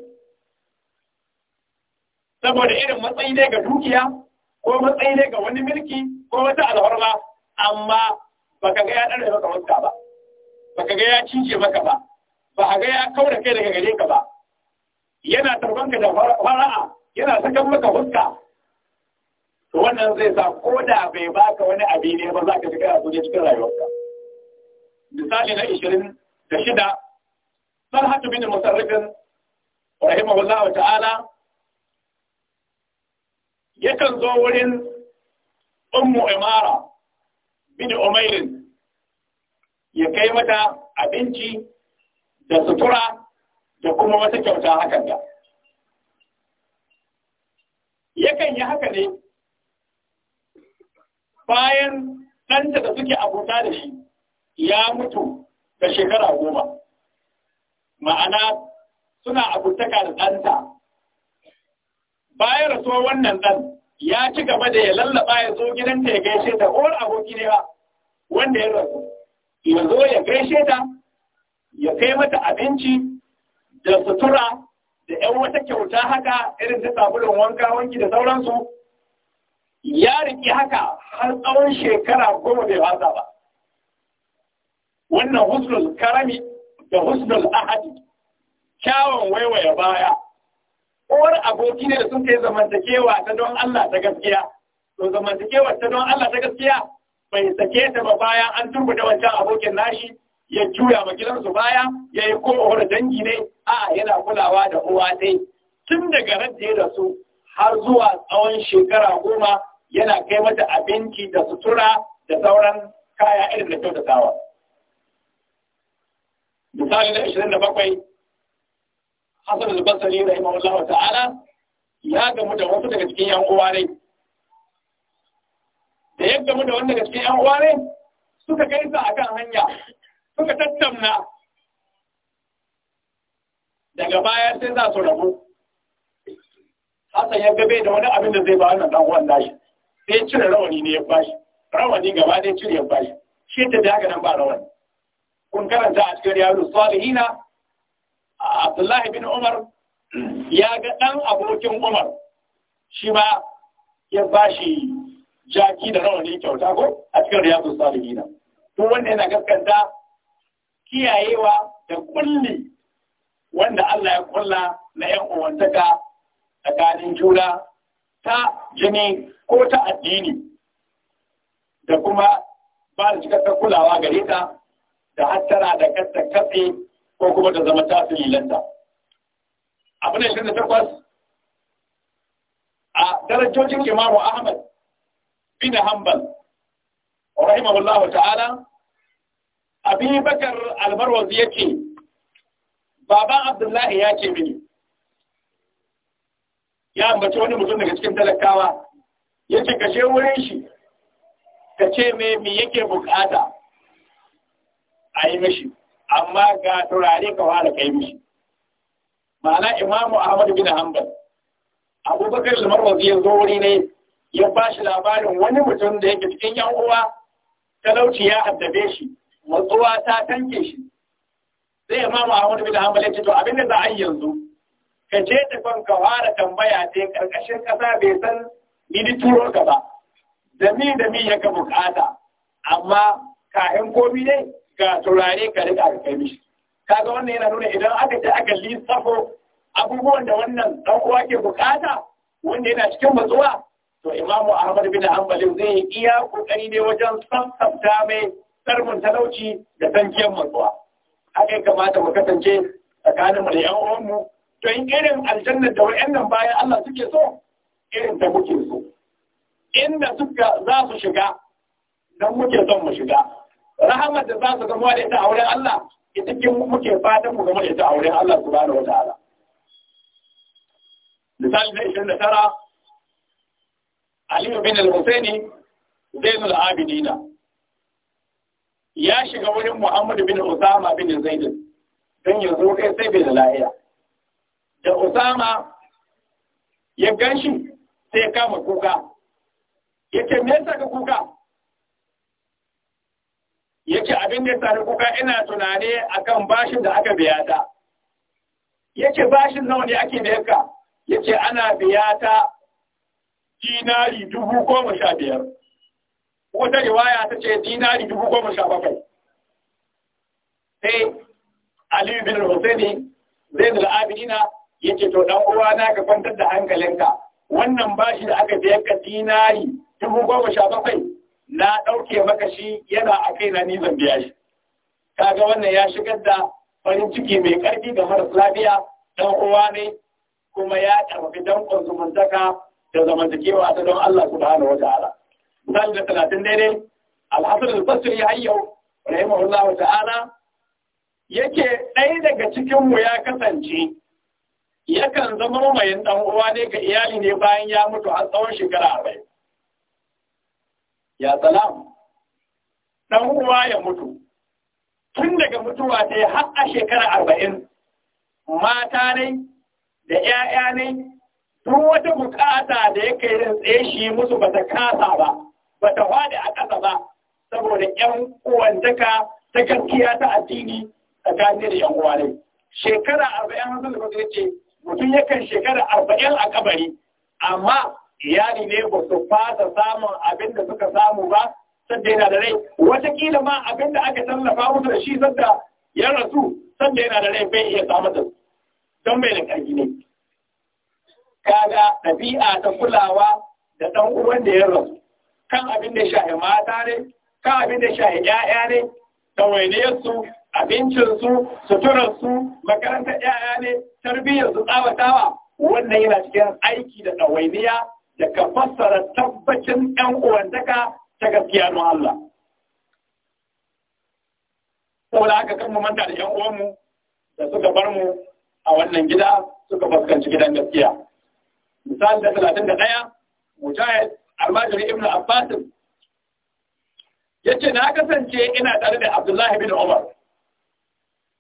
saboda irin matsayi ne ga dukiya ko matsayi ne ga wani milki, ko wata alhorma amma baka ga ya dare maka wanka ba baka ga ya cince maka ba ba a ga ya kaura kai daga gare ka ba yana tarban ka da fara'a yana sakan maka huska to wannan zai sa ko da bai baka wani abi ne ba za ka shiga a cikin rayuwarka misali na ishirin da shida طلحة Ta'ala, المسرب رحمه zo wurin ummu 'imara bin إمارة ya kai mata abinci. da sutura da kuma wata kyauta hakan da yakan yi haka ne bayan ɗanta da suke abota da shi ya mutu da shekara goma ma'ana suna abutaka da ɗanta bayan rasuwa wannan ɗan ya ci gaba da ya lallaba ya zo gidanta ya gaishe ta ko aboki ne wanda ya rasu ya zo ya gaishe ta ya kai mata abinci da sutura da ‘yan wata kyauta haka irin ta sabulun wanka wanki da sauransu ya riƙi haka har tsawon shekara goma bai fasa ba. Wannan husnul karami da husnul ahadi, kyawun waiwaya baya, uwar aboki ne da sun kai zamantakewa ta don Allah ta gaskiya, to zamantakewa ta don Allah ta gaskiya bai sake ta ba bayan an da wancan abokin nashi ya juya ma gidansu baya ya yi wani dangi ne a yana kulawa da uwa ɗai tun daga radde da su har zuwa tsawon shekara goma yana kai mata abinci da sutura da sauran kaya irin da kyautatawa. Misali na ashirin da bakwai, Hassan al-Basri rahimahullah ta'ala ya gamu da wasu daga cikin yan uwa ne. Da ya gamu da wani daga cikin yan uwa ne, suka kai sa akan hanya kuka tattauna, daga baya sai za su rabu Hassan ya gabe da wani abin da zai ba wannan dan uwan nashi sai cire rawani ne ya bashi rawani gaba ɗaya cire ya bashi shi ta daga nan ba rawani kun karanta a cikin riyadu salihina Abdullahi bin Umar ya ga ɗan abokin Umar shi ma ya bashi jaki da rawani kyauta ko a cikin riyadu salihina to wanda yana gaskanta kiyayewa da kulli wanda Allah ya kulla na ‘yan uwantaka tsakanin juna ta jini ko ta addini da kuma ba da cikakken kulawa gare ta da hattara da kasta katse ko kuma ta zama tafi lilanta. Abu ne shi da takwas a darajojin Imamu Ahmad bin Hanbal rahimahullahu ta'ala abi bakar almarwazi ya ce baban abdullahi ya ce mini ya ambaci wani mutum daga cikin talakawa ya ce ka je wurin shi ka ce mai me yake bukata a yi mishi amma ga turare ka fara kai mishi ma'ana imamu ahmad bin hanbal abubakar almarwazi ya zo wuri ne ya ba shi labarin wani mutum da yake cikin yan uwa talauci ya addabe shi matsuwa ta tanke shi sai Imam ahmad bin hanbal ce to abin da za a yi yanzu ka ce ta ka fara tambaya ce karkashin kasa bai san ni turo ka ba da mi da mi ya ka bukata amma kafin komi ne ga turare ka rika ka kai mishi kaga wannan yana nuna idan aka ce aka lissafo abubuwan da wannan dan uwa ke bukata wanda yana cikin matsuwa to imamu ahmad bin hanbal zai iya kokari ne wajen sassafta mai tsarmin talauci da tankiyar matsuwa haka ya kamata mu kasance tsakanin mu da yan uwanmu to in irin aljannar da wayannan bayan Allah suke so irin ta muke so inda suka za su shiga don muke son mu shiga rahamar da za su zama da ita a wurin Allah ita kin muke fatan mu game da ita a wurin Allah subhanahu wa ta'ala misali na ishirin da tara Aliyu bin al-Husaini Zainul Abidina ya shiga wurin Muhammadu bin Usama bin Zaid don ya zo kai sai bai da da Usama ya ganshi sai kama kuka yace me yasa ka kuka yace abin da yasa kuka ina tunani akan bashin da aka biya ta yace bashin nawa ne ake biyar ka yace ana biya ta dinari dubu goma sha biyar wata riwaya ta ce dinari dubu goma sha bakwai sai aliyu bin husaini zai da abinina ya ce to dan uwa na ka kwantar da hankalinka wannan bashi da aka biyar ka dinari dubu goma sha bakwai na ɗauke maka shi yana a kai na nizan biya shi kaga wannan ya shigar da farin ciki mai ƙarfi ga maras lafiya dan uwa ne kuma ya karfi dankon zumuntaka da zamantakewa ta don Allah subhanahu wa ta'ala za ga talatin daidai alhassan albasir ya hayyau rahimahullah ta'ala yake ɗaya daga cikinmu ya kasance yakan zama mamayin ɗan uwa ne ga iyali ne bayan ya mutu har tsawon shekara arba'in ya salam ɗan uwa ya mutu tun daga mutuwa ta yi har a shekara arba'in mata ne da 'ya'ya ne duk wata bukata da ya kai tsaye shi musu ba ta kasa ba ba ta hwada a ƙasa ba saboda ƴan uwantaka ta gaskiya ta addini tsakanin da ƴan uwa shekara arba'in hasan da ya ce mutum yakan shekara arba'in a kabari amma iyali ne ba su fasa samun abin da suka samu ba sanda yana da rai watakila ma abin da aka tallafa musu da shi sanda ya rasu sanda yana da rai bai iya samu da don bai da karfi ne kaga ɗabi'a ta kulawa da ɗan uwan da ya rasu kan abin da shahi mata ne kan abin da shahi ‘ya’ya ne ɗawainiyarsu abincinsu suturarsu makarantar yaya ne tarbiyyarsu tsawatawa wannan yana cikin aiki da ɗawainiya da ka fassara tabbacin 'yan uwantaka ta gaskiya don Allah. Saboda haka kan mu da 'yan uwanmu da suka bar mu a wannan gida suka fuskanci gidan gaskiya. Misali da talatin da ɗaya, Mujahid almajirin ibn abbas yace na kasance ina tare da abdullahi bin umar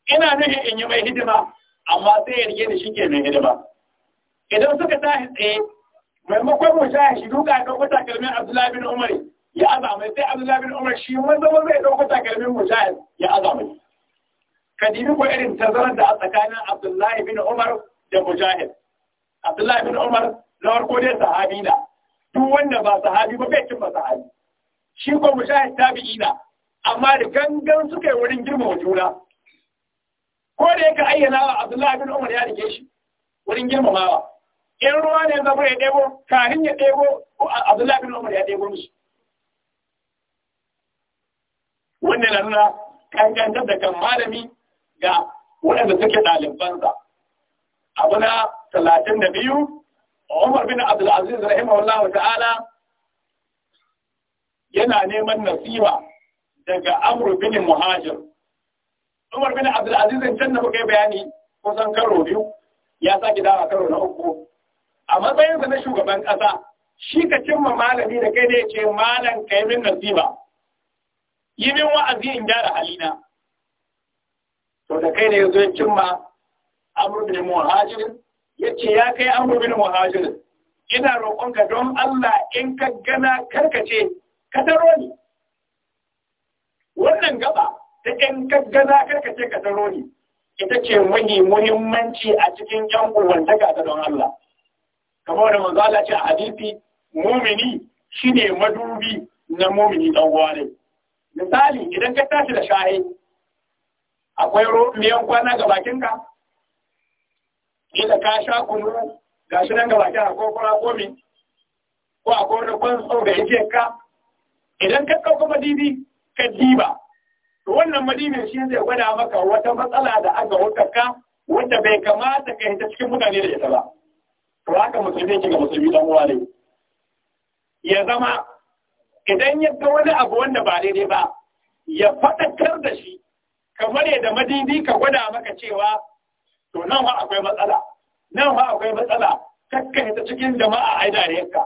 ina nufin in yi mai hidima amma sai ya rike da shi ke mai hidima idan suka tashi tsaye maimakon mu sha shi duka ya ɗauko takalmin abdullahi bin umar ya azamai sai abdullahi bin umar shi mun zama zai ɗauko takalmin mu sha ya Ka kadiri ko irin tazaran da a tsakanin abdullahi bin umar da mujahid abdullahi bin umar na farko dai sahabi na duk wanda ba sahabi ba bai cimma sahabi shi ko ta tabi'i na amma da gangan suka yi wurin girmama juna ko da yake ayyana wa Abdullahi bin Umar ya rike shi wurin girmamawa in ruwa ne zama ya ɗebo kafin ya ɗebo Abdullahi bin Umar ya ɗebo musu wannan na nuna kankantar da kan malami ga waɗanda suke ɗalibansa abu na talatin da biyu Umar bin Aziz rahimahullahu ta'ala yana neman nasiba daga Amr bin Muhajir. Umar bin in can da muka yi bayani kusan karo biyu ya sake dawa karo na uku. A matsayinsa na shugaban ƙasa shi ka cimma malami da kai ne ce malam kai min nasiba. Yi min wa'azi in gyara halina. To da kai ne ya zo cimma Amr bin Muhajir yace ya kai amru bin muhajir ina ka don Allah in ka gana karkace ka taro ni wannan gaba ta in ka gana karkace ka taro ni ita ce mahi muhimmanci a cikin yan uwantaka ta don Allah kamar da manzo Allah ce a hadisi mumini shine madubi na mumini dan wani misali idan ka tashi da shahi akwai miyan kwana ga bakinka kila ka sha kunu ga shi nan gaba ta ko kura mi ko a kowane kwan sau da yake ka idan ka ɗauka madibi ka diba to wannan madibin shi zai gwada maka wata matsala da aka ka wanda bai kamata ka hita cikin mutane da ita ba to haka musulmi yake ga musulmi dan uwa ne ya zama idan ya ga wani abu wanda ba daidai ba ya faɗakar da shi kamar yadda madibi ka gwada maka cewa to nan ma akwai matsala nan ma akwai matsala kakka ta cikin jama'a ai yanka.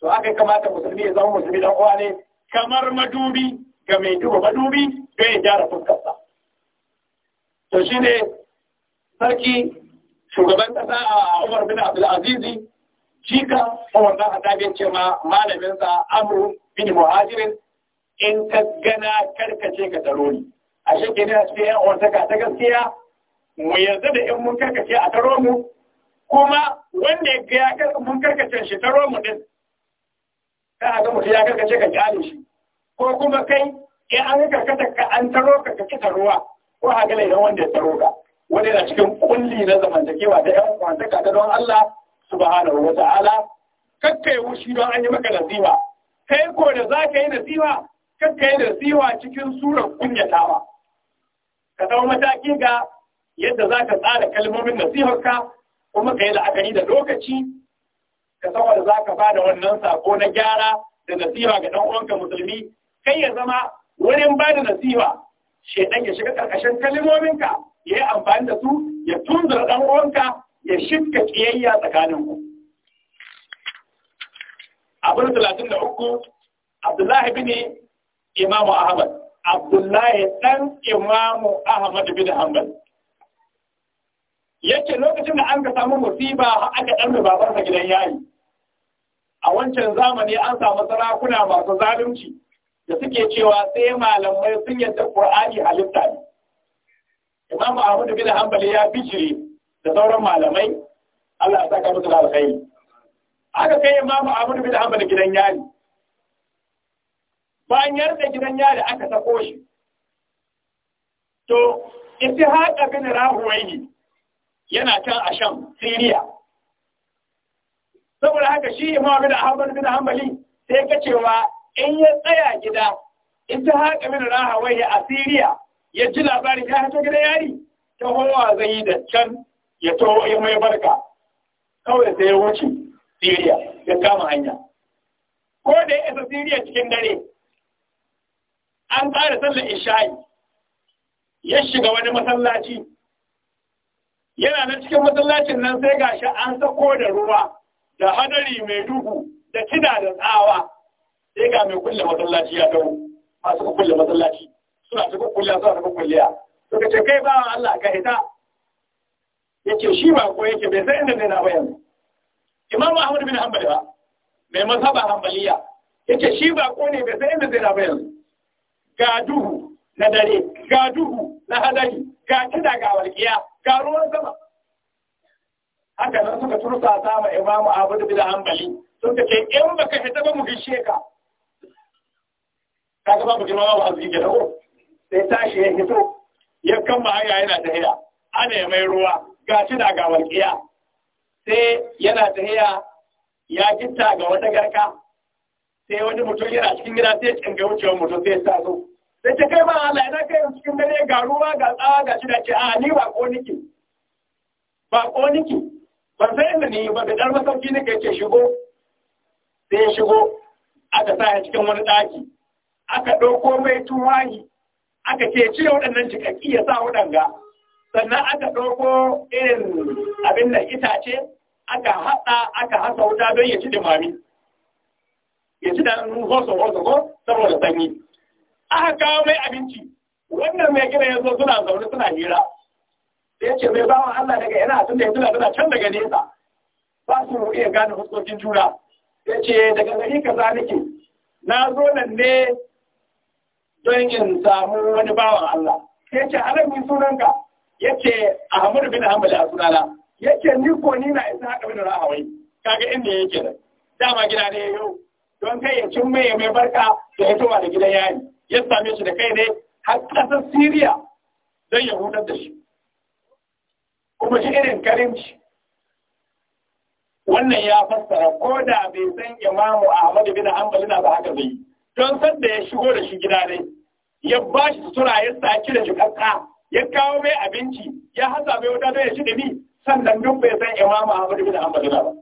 to aka kamata musulmi ya zama musulmi dan uwa ne kamar madubi ga mai duba madubi don ya gyara fuskarsa to shine sarki shugaban kasa a Umar bin Abdul Azizi shika Umar da Hadabi ce ma malamin sa bin Muhajirin in ka gana karkace ka taroni a shekin a sai ya wata ta gaskiya mu yanzu da in mun karkace a taro mu kuma wanda ya ga mun karkace shi taro mu din ka ga mu ya karkace ka kyale shi ko kuma kai ke an karkata ka an taro ka ka kita ruwa ko ha ga lai wanda ya taro ka wanda yana cikin kulli na zamantakewa da ƴan kwantaka da don Allah subhanahu wa ta'ala kakkai wushi don an yi maka nasiba kai ko da za ka yi nasiba kakkai nasiwa cikin surar kunyatawa ka zama mataki ga yadda za ka tsara kalmomin nasiharka kuma ka yi la'akari da lokaci ka saboda za ka da wannan sako na gyara da nasiha ga ɗan uwanka musulmi kai ya zama wurin ba da nasiha shaidan ya shiga ƙarƙashin kalmominka ya yi amfani da su ya tunzura ɗan uwanka ya shifka ƙiyayya tsakaninku. Abin talatin da uku Abdullahi bin Imamu Ahmad Abdullahi ɗan Imamu Ahmad bin Hanbal yace lokacin da an ka samu musiba aka danna sa gidan yayi a wancan zamani an samu sarakuna masu zalunci da suke cewa sai malamai sun yadda Qur'ani halitta ne Imam Ahmad bin Hanbali ya bijire da sauran malamai Allah ya saka musu da alkhairi aka kai Imam Ahmad bin Hanbali gidan yari bayan yarda gidan yari aka sako shi to istihaqa bin Rahuwaini yana can a shan siriya saboda haka shi imam bin ahmad bin hanbali sai ka cewa in ya tsaya gida in ta haka min wai a siriya ya ji labarin ya haka gida yari ta hawa zai yi da can ya to ya mai barka kawai sai ya wuce siriya ya kama hanya ko da ya isa siriya cikin dare an ƙara sallar isha'i ya shiga wani masallaci yana na cikin masallacin nan sai gashi an sako da ruwa da hadari mai duhu da kida da tsawa sai ga mai kulle masallaci ya dawo masu kulle masallaci suna cikin kulliya suna cikin kulliya to kace kai ba Allah ka hita yace shi ba ko yake bai san inda ne na bayan Imam Ahmad bin Hanbal ba mai mazhaba Hanbaliya yace shi ba ko ne bai san inda zai na bayan. ga duhu na dare ga duhu na hadari ga kida ga walƙiya karuwar gaba. sama haka nan suka tursa sama imamu abu bin hanbali suka ce in ka hita ba mu gishe ka ga babu girma ba azumi gina dawo sai tashi ya hito ya kama haya yana haya ana mai ruwa ga shi da ga walƙiya sai yana haya ya kinta ga wata garka sai wani mutum yana cikin gida sai ya cinga wucewar mutum sai ya taso sai kai ba Allah ina kai cikin dare ga ruwa ga tsawa ga shi da ce a ni ba ko nike ba ko nike ban sai inda ni ba da dar masauki ke ce shigo sai ya shigo aka sa cikin wani daki aka ɗauko mai tuwayi aka ce cire waɗannan cikakki ya sa waɗanga sannan aka ɗauko irin abin da itace aka haɗa aka hasa wuta don ya ci mami. ya ci da hoso ko saboda sanyi aka kawo mai abinci wannan mai gina yanzu suna zaune suna hira da ya ce mai bawan Allah daga yana tun da yanzu tuna suna can daga nesa ba su iya gane fuskokin juna ya ce daga gari za nake na zo nan ne don in samu wani bawan Allah ya ce sunan sunanka ya ce Ahmadu bin Hanbali a sunana ya ce ni ko ni na isa haka bin rahawai kaga inda yake da dama gida ne yau don kai ya cin mai mai barka da hitowa da gidan yayi ya same shi da kai ne har ƙasar Siriya don ya hudar da shi. Kuma shi irin karinci. Wannan ya fassara ko da bai san Imamu Ahmad bin Hanbali na ba haka zai yi. don sanda ya shigo da shi gida ne ya ba shi sutura ya saki da shi ƙasa ya kawo mai abinci ya hasa mai wuta don ya shi dumi sannan duk bai san Imamu Ahmad bin Hanbali ba.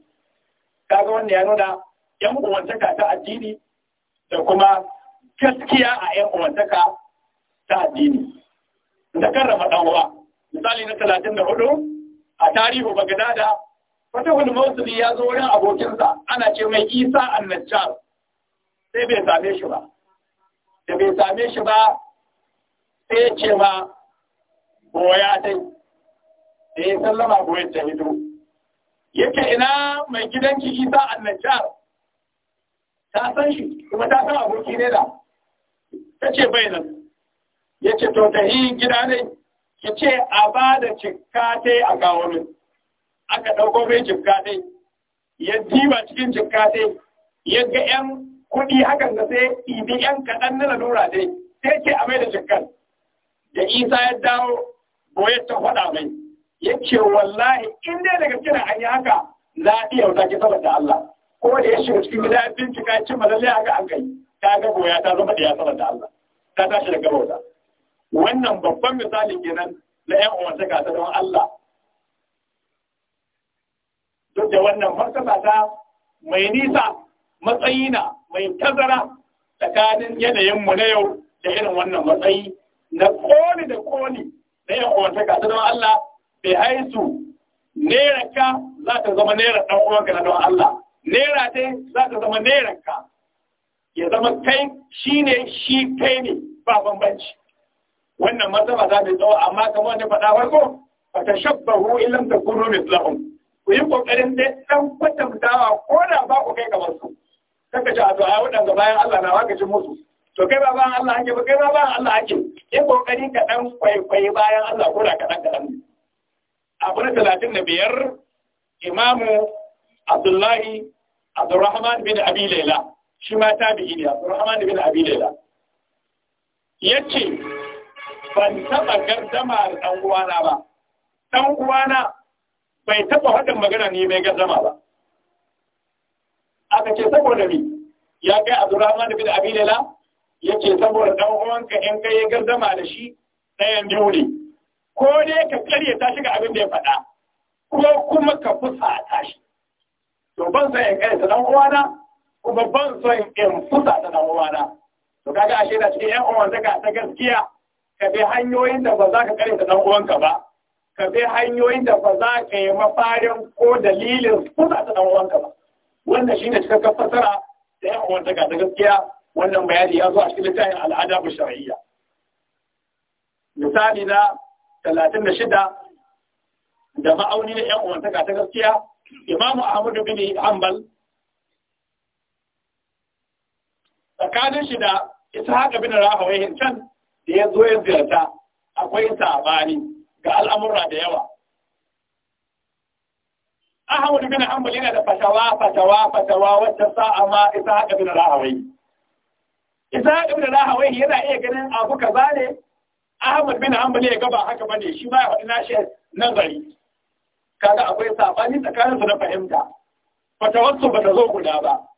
Kaga wannan ya nuna ‘yan uwantaka ta addini da kuma gaskiya a ‘yan uwantaka ta addini. Da karrama ɗan uwa, misali na talatin da hudu a tarihu Bagadada, wata wani Mausuli ya zo wurin abokinsa ana ce mai Isa Annajjar, sai bai same shi ba. Da bai same shi ba, sai ce ma boya dai, da ya sallama boyar ta hito. Yake ina mai gidanki Isa Annajjar, ta san shi, kuma ta san aboki ne da. ta ce bai nan ya ce to ta yi gida ne ki ce a ba da cikka ta a kawo min aka ɗauko mai cikka ta ya diba cikin cikka ta ya ga yan kuɗi hakan da sai ibi yan kaɗan na lalura dai sai ce a mai da cikkan da isa ya dawo boye ta faɗa mai ya ce wallahi in dai daga kira an yi haka za a iya wata ki saboda Allah ko da ya shiga cikin gida ya bincika ya ce malalle haka an kai ta ga goya ta zama da ya sanar da Allah ta tashi daga bauta wannan babban misali kenan na ƴan uwantaka ta don Allah duk da wannan martaba ta mai nisa matsayi na mai tazara tsakanin yanayin mu na yau da irin wannan matsayi na koli da koli na 'yan uwantaka ta don Allah bai haisu ka za ta zama nera ɗan uwanka na don Allah nera dai za ta zama ka ya zama kai shi ne shi kai ne ba bambanci wannan matsala za ta tsawo amma kamar da faɗa farko ba ta shabbahu ilan da kuno mislahum ku yi kokarin dai dan kwatantawa ko da ba ku kai kamar su kaka ji a zuwa a bayan Allah na wakacin musu to kai ba bayan Allah ake ba kai ba bayan Allah ake yi kokari ka dan kwaikwayi bayan Allah ko da kaɗan kaɗan abu na talatin da biyar imamu Abdullahi Abdurrahman bin Abi Laila shi ma bi ne Abdurrahman bin Abi Layla yace ban taba gardama da dan uwana ba dan uwana bai taba hadin magana ne mai gardama ba aka ce saboda ni, ya kai Abdurrahman bin Abi Layla yace saboda dan uwanka in kai ya gardama da shi ɗayan biyu ne ko dai ka karya ta shiga abin da ya faɗa ko kuma ka fusa shi to ban sai in kai dan uwana kuma ban son in fusa ta dan uwana to kaga ashe da cikin ƴan uwan zaka ta gaskiya ka bi hanyoyin da ba za ka karanta ta dan uwanka ba ka bi hanyoyin da ba za ka yi mafarin ko dalilin fusa da dan uwanka ba wannan shine cikakken fasara da ƴan uwan zaka ta gaskiya wannan bayani ya zo a cikin littafin al'adabu shar'iyya misali na talatin da shida da ma'auni na ƴan uwantaka ta gaskiya imamu ahmadu bin hanbal tsakanin shi da haka bin rahawayh can da ya zo ya ziyarta akwai sabani ga al'amura da yawa Ahmad bin Hanbal yana da fatawa fatawa fatawa wacce sa'a ma haka bin Rahawai haka bin Rahawai yana iya ganin abu kaza ne Ahmad bin Hanbal ya gaba haka bane shi ba ya faɗi nashi nazari kaga akwai sabani tsakanin su na fahimta fatawar ba bata zo guda ba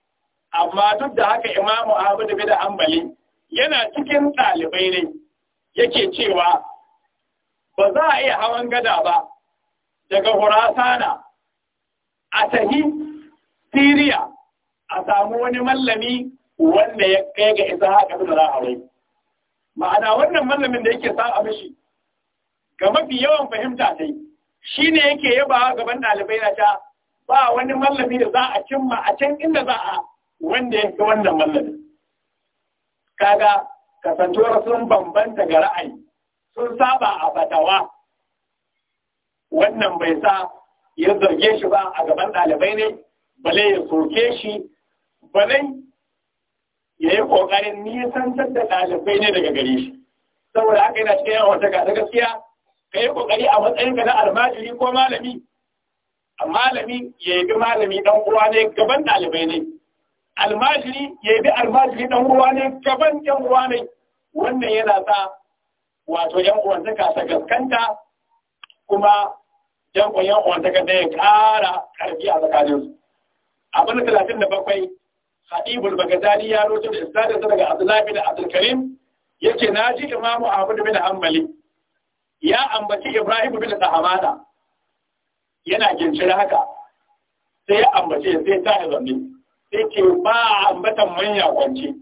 amma duk da haka imamu da bida Ambali yana cikin ɗalibai ne yake cewa ba za a iya hawan gada ba daga hurasana a tahi Siriya a samu wani mallami wanda ya kai ga isa haka da wai Ma'ana wannan mallamin da yake sa a mishi ga mafi yawan fahimta ta yi shi ne yake yaba gaban ɗalibai na ta ba wani mallami da za a cimma a can inda za a wanda ya fi wannan mallami kaga kasantuwar sun bambanta ga ra'ayi sun saba a fatawa wannan bai sa ya zarge shi ba a gaban ɗalibai ne bale ya soke shi bale ya yi ƙoƙarin nisantar da ɗalibai ne daga gare shi saboda haka yana cikin yawan wata gasa gaskiya ka yi ƙoƙari a matsayinka na almajiri ko malami a malami ya yi malami ɗan uwa ne gaban ɗalibai ne almajiri ya bi almajiri dan ruwa ne gaban yan ruwa ne wannan yana sa wato yan uwan suka sa gaskanta kuma yan uwan yan uwan ya kara karfi a tsakanin su abin da talatin da bakwai hadibul ya roto da isnadin sa daga abdullahi bin abdul karim yace naji imamu ahmad bin hanbali ya ambaci ibrahim bin sahamada yana gincira haka sai ya ambace sai ta yi zanne yake ba a ambatan manya kwance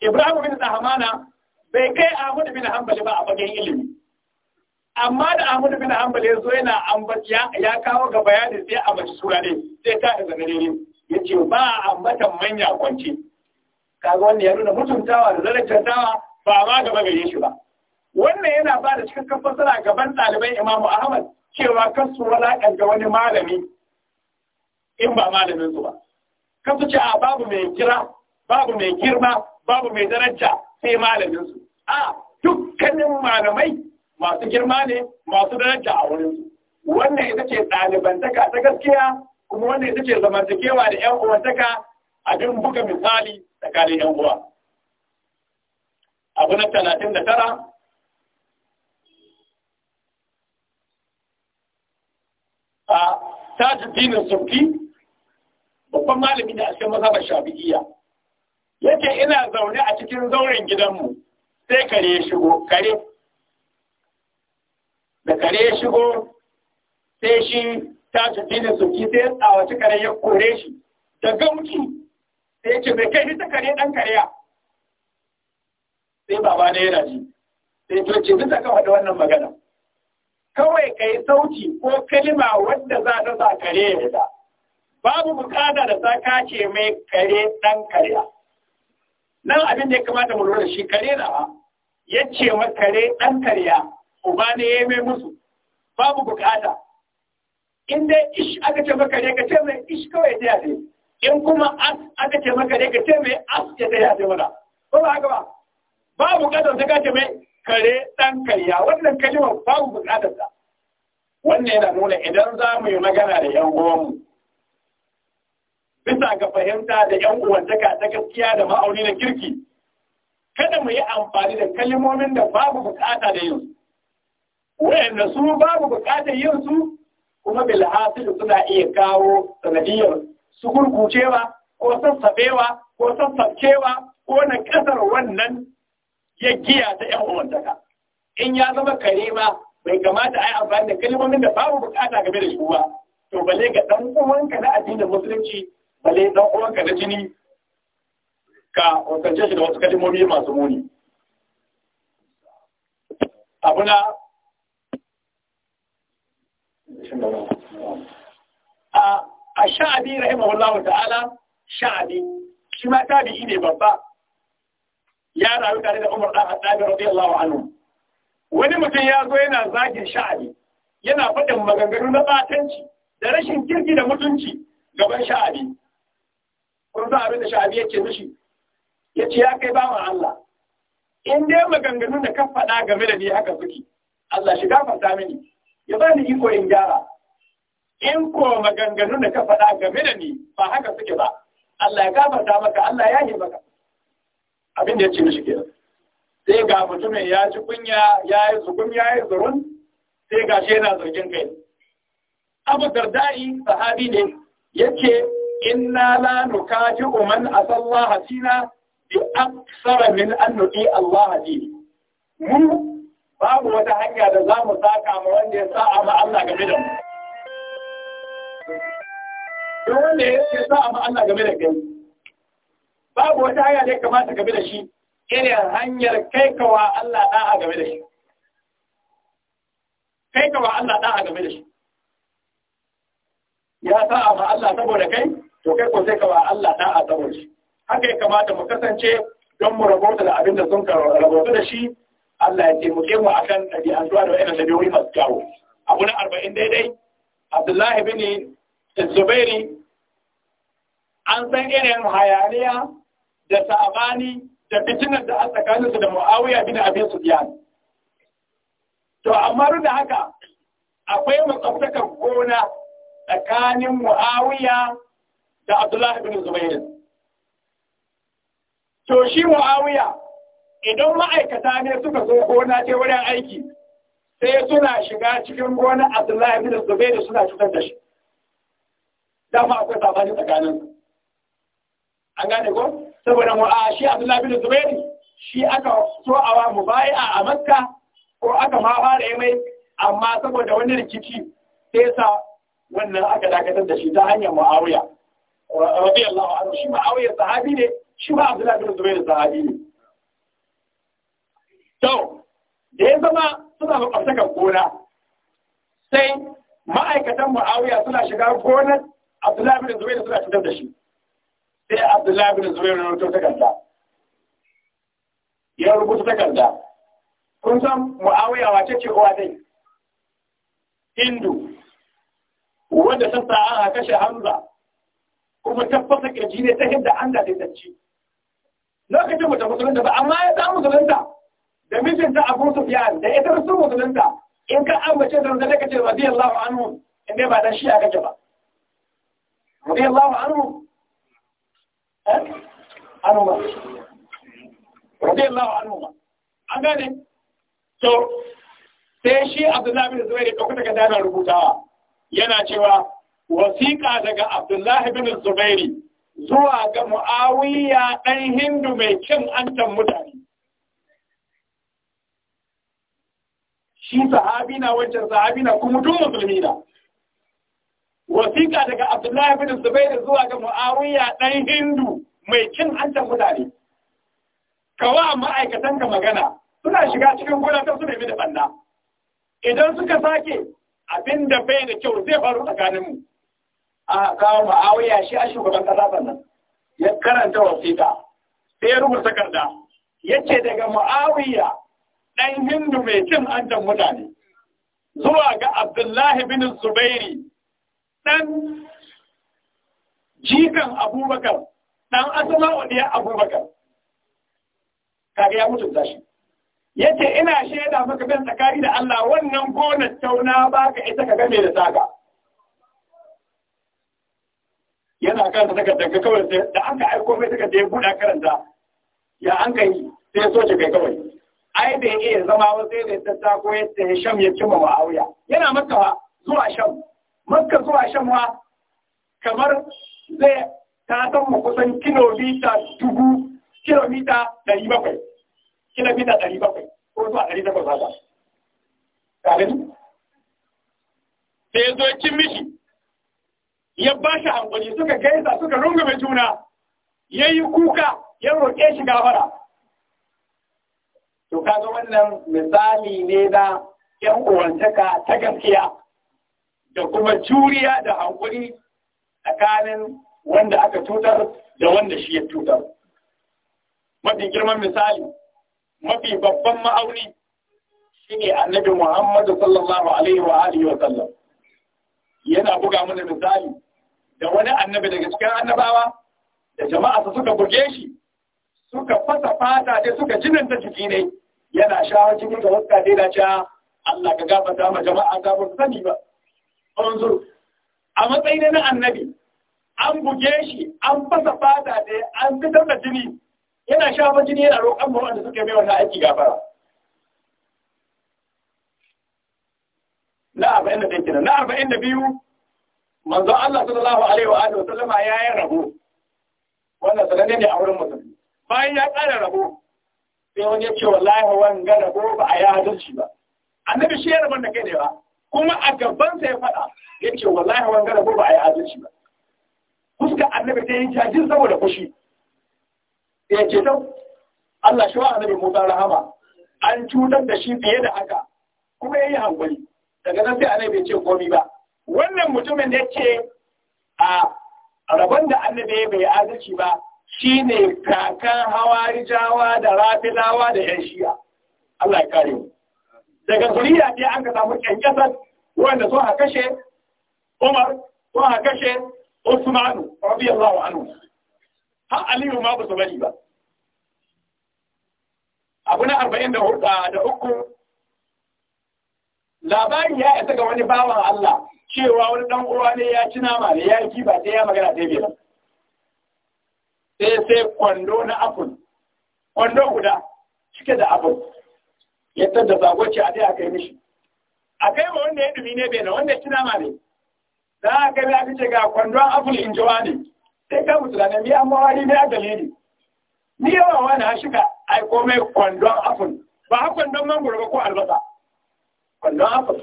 Ibrahim bin Zahmana bai kai Ahmad bin Hanbali ba a fagen ilimi amma da Ahmad bin Hanbali ya zo yana ya kawo ga bayani sai a mace sura ne sai ta da zanare ne yace ba a ambatan manya kwance kaga wannan ya nuna mutuntawa da darajantawa ba ma gaba gare shi ba wannan yana ba da cikakken fasara gaban ɗaliban Imam Ahmad cewa kasu walaƙar ga wani malami in ba malamin su ba kan su ce a babu mai kira babu mai girma babu mai daraja sai malamin su a dukkanin malamai masu girma ne masu daraja a wurin su wannan ita ce ɗalibantaka ta gaskiya kuma wannan ita ce zamantakewa da ƴan uwantaka a abin buga misali tsakanin 'yan uwa abu na talatin da tara a tajiddinin sufi babban malami ne a cikin mazhabar shafi'iyya yace ina zaune a cikin zauren gidanmu sai kare ya shigo kare da kare ya shigo sai shi ta tafi da soki sai ya tsawaci kare ya kore shi da gauki, sai ce mai kai ta kare dan karya. sai baba na yana ji sai to ce bisa ka da wannan magana kawai ka yi sauti ko kalima wadda za ta sa kare ya fita babu bukata da ta kace mai kare dan karya nan abin da ya kamata mu lura shi kare da ya ce ma kare dan karya uba ne ya mai musu babu bukata in dai ish aka ce maka dai ka ce mai ish kawai ta yafe in kuma as aka ce maka dai ka ce mai as ya ta yafe mana ko ba haka ba babu bukatar ta kace mai kare dan karya wannan kalimar babu bukatar ta wannan yana nuna idan za mu yi magana da yan uwanmu bisa ga fahimta da ‘yan uwantaka ta gaskiya da ma'auni na kirki, kada mu yi amfani da kalimomin da babu bukata da yin wayanda su babu bukatar yin su kuma bilhasil suna iya kawo sanadiyar su gurgucewa ko sassabewa ko sassabcewa ko na kasar wannan ya giya ta ‘yan uwantaka. In ya zama karema bai kamata a yi amfani da kalimomin da babu bukata game da shi ba. To balle ga ɗan uwanka na addinin musulunci balle dan ka na jini ka wakance shi da wasu kalmomi masu muni abu na a sha'abi rahimahullahu ta'ala sha'abi shi ma tabi'i ne babba ya rayu tare da Umar dan Khattab radiyallahu anhu wani mutum ya zo yana zagin sha'abi yana faɗin maganganu na batanci da rashin kirki da mutunci gaban sha'abi kun san abin da sha'abi yake mishi ya ce ya kai bawan Allah in dai maganganun da ka faɗa game da ni haka suke Allah shi gafarta mini ya ba ni iko in gyara in ko maganganun da ka faɗa game da ni ba haka suke ba Allah ya gafarta maka Allah ya yi maka abin da ya ce mishi kenan sai ga mutumin ya ci kunya ya yi zukum ya yi zurun sai ga shi yana zargin kai Abu Dardai sahabi ne yake inna la nukaji'u man asallaha sina bi aksara min an nuti Allah ji mu babu wata hanya da za mu saka ma wanda ya sa'a ma Allah game da mu da wanda ya sa'a ma Allah game da kai babu wata hanya da ya kamata game da shi irin hanyar kai kawa Allah da'a game da shi kai kawa Allah da'a game da shi ya sa'a ma Allah saboda kai to kai ko sai ka ba Allah da a saboda shi haka ya kamata mu kasance don mu rabota da abin da sun rabota da shi Allah ya taimake mu akan ɗabi'an zuwa da wa'annan dabi'o'i masu kyawu abu na arba'in daidai Abdullahi bin Zubairi an san irin hayaniya da sa'abani da fitinar da a tsakaninsu da Muawiya bin Abi Sufyan to amma duk da haka akwai makwabtakar gona tsakanin Muawiya da Abdullahi bin Zubair. To shi Muawiya idan ma'aikata ne suka zo gona ce wurin aiki sai suna shiga cikin gona Abdullahi bin Zubair suna cutar da shi. ma akwai sabani tsakanin an gane ko saboda mu a shi Abdullahi bin Zubair shi aka so awa mubai'a a Makka ko aka ma fara yi mai amma saboda wani rikici sai sa wannan aka dakatar da shi ta hanyar Muawiya. radiyallahu anhu shi ma'awiyar sahabi ne shi ma abdullahi bin zubair sahabi ne Tau, da ya zama suna makwabtakar gona sai ma'aikatan ma'awiya suna shiga gonar abdullahi bin zubair suna fitar da shi sai abdullahi bin zubair na rubuta takarda ya rubuta takarda kun san mu'awiya wace ce kowa dai hindu wanda ta sa'a kashe hamza kuma tabbata kirji ne ta yadda an da daidaici lokacin mu ta musulunta ba amma ya samu musulunta da mijinta Abu Sufyan da ita rasul musulunta in ka ambace da da kace radiyallahu anhu in dai ba dan shi kake ba radiyallahu anhu eh? anhu ba radiyallahu anhu ba an gane to sai shi Abdullahi bin Zubair ya dauka daga dana rubutawa yana cewa wasiƙa daga Abdullahi bin Zubairi zuwa ga Mu'awiya ɗan Hindu mai cin antan mutane. Shi sahabi na wancan sahabi na kuma tun musulmi na. Wasiƙa daga Abdullahi bin Zubairi zuwa ga Mu'awiya ɗan Hindu mai cin antan mutane. Kawa ka magana suna shiga cikin ta su nemi da banda. Idan suka sake abin da bai da kyau zai faru tsakaninmu. a kawo ma'awiya shi a shugaban kasa sannan ya karanta wasiƙa sai ya rubuta takarda ya ce daga ma'awiya ɗan hindu mai cin antan mutane zuwa ga abdullahi bin zubairi ɗan jikan abubakar ɗan asama wadiyar abubakar kaga ya mutu shi ya ce ina shaida maka bin tsakani da allah wannan gonar tauna baka ita ka game da saka yana karanta daga daga kawai sai da aka aiko mai takardar ya buɗa karanta ya an kai sai so kai kawai ai da iya zama wa sai da tatta ko yace sham ya cimma wa auya yana makka zuwa sham makka zuwa sham wa kamar zai ta san mu kusan kilomita dubu kilomita ɗari bakwai kilomita ɗari bakwai ko zuwa ɗari takwas haka. Sai ya zo cin mishi ya ba shi hankali suka gaisa suka mai juna ya yi kuka ya roƙe shi gafara to kaga wannan misali ne na yan uwantaka ta gaskiya da kuma juriya da hankali tsakanin wanda aka tutar da wanda shi ya tutar. mafi girman misali mafi babban ma'auni shine annabi Muhammadu sallallahu alaihi wa wa sallam yana buga mana misali da wani annabi daga cikin annabawa da jama'a su suka buge shi suka fasa fata dai suka jinin ta jiki ne yana shawar jini ga wasu kaɗe da cewa Allah ka gafata ma jama'a ta ba su sani ba unzur a matsayin na annabi an buge shi an fasa fata dai an fitar da jini yana shafar jini yana roƙon ma wanda suka yi wannan aiki gafara na arba'in da na arba'in da biyu manzo Allah sallallahu alaihi wa alihi sallama ya yi rabo wannan sanane ne a wurin musulmi bayan ya tsara rabo sai wani ya ce wallahi wanga rabo ba a yi adalci ba annabi shi ya rabon da kai ne ba kuma a gaban sa ya faɗa ya ce wallahi wanga rabo ba a yi adalci ba fuska annabi ta yi jajin saboda fushi ya ce ta Allah shi wa annabi Musa rahama an cutar da shi fiye da haka kuma ya yi hankali daga nan sai annabi ya ce komi ba wannan mutumin da ce a rabon da annabi bai adalci ba shine kakan hawarijawa da rafilawa da yan shiya Allah ya kare mu daga zuriya ne an ka samu kyankyasar wanda so ha kashe Umar so ha kashe Usman radiyallahu anhu Ha Aliyu ma ba su bari ba abu na arba'in da uku labari ya isa ga wani bawan Allah cewa wani dan uwa ne ya ci nama da ya yi ba sai ya magana sai bai sai sai kwando na apple kwando guda cike da apple ya tadda zagoci a dai a kai mishi a kai ba wanda ya dumi ne bai na wanda ya ci nama ne za a kai aka ce ga kwandon apple in jiwa ne sai ka mutu ne biya mawari ne a dalili ni yawa wani ha shiga ai komai kwandon apple ba ha kwando mangoro ba ko albasa Kwando apple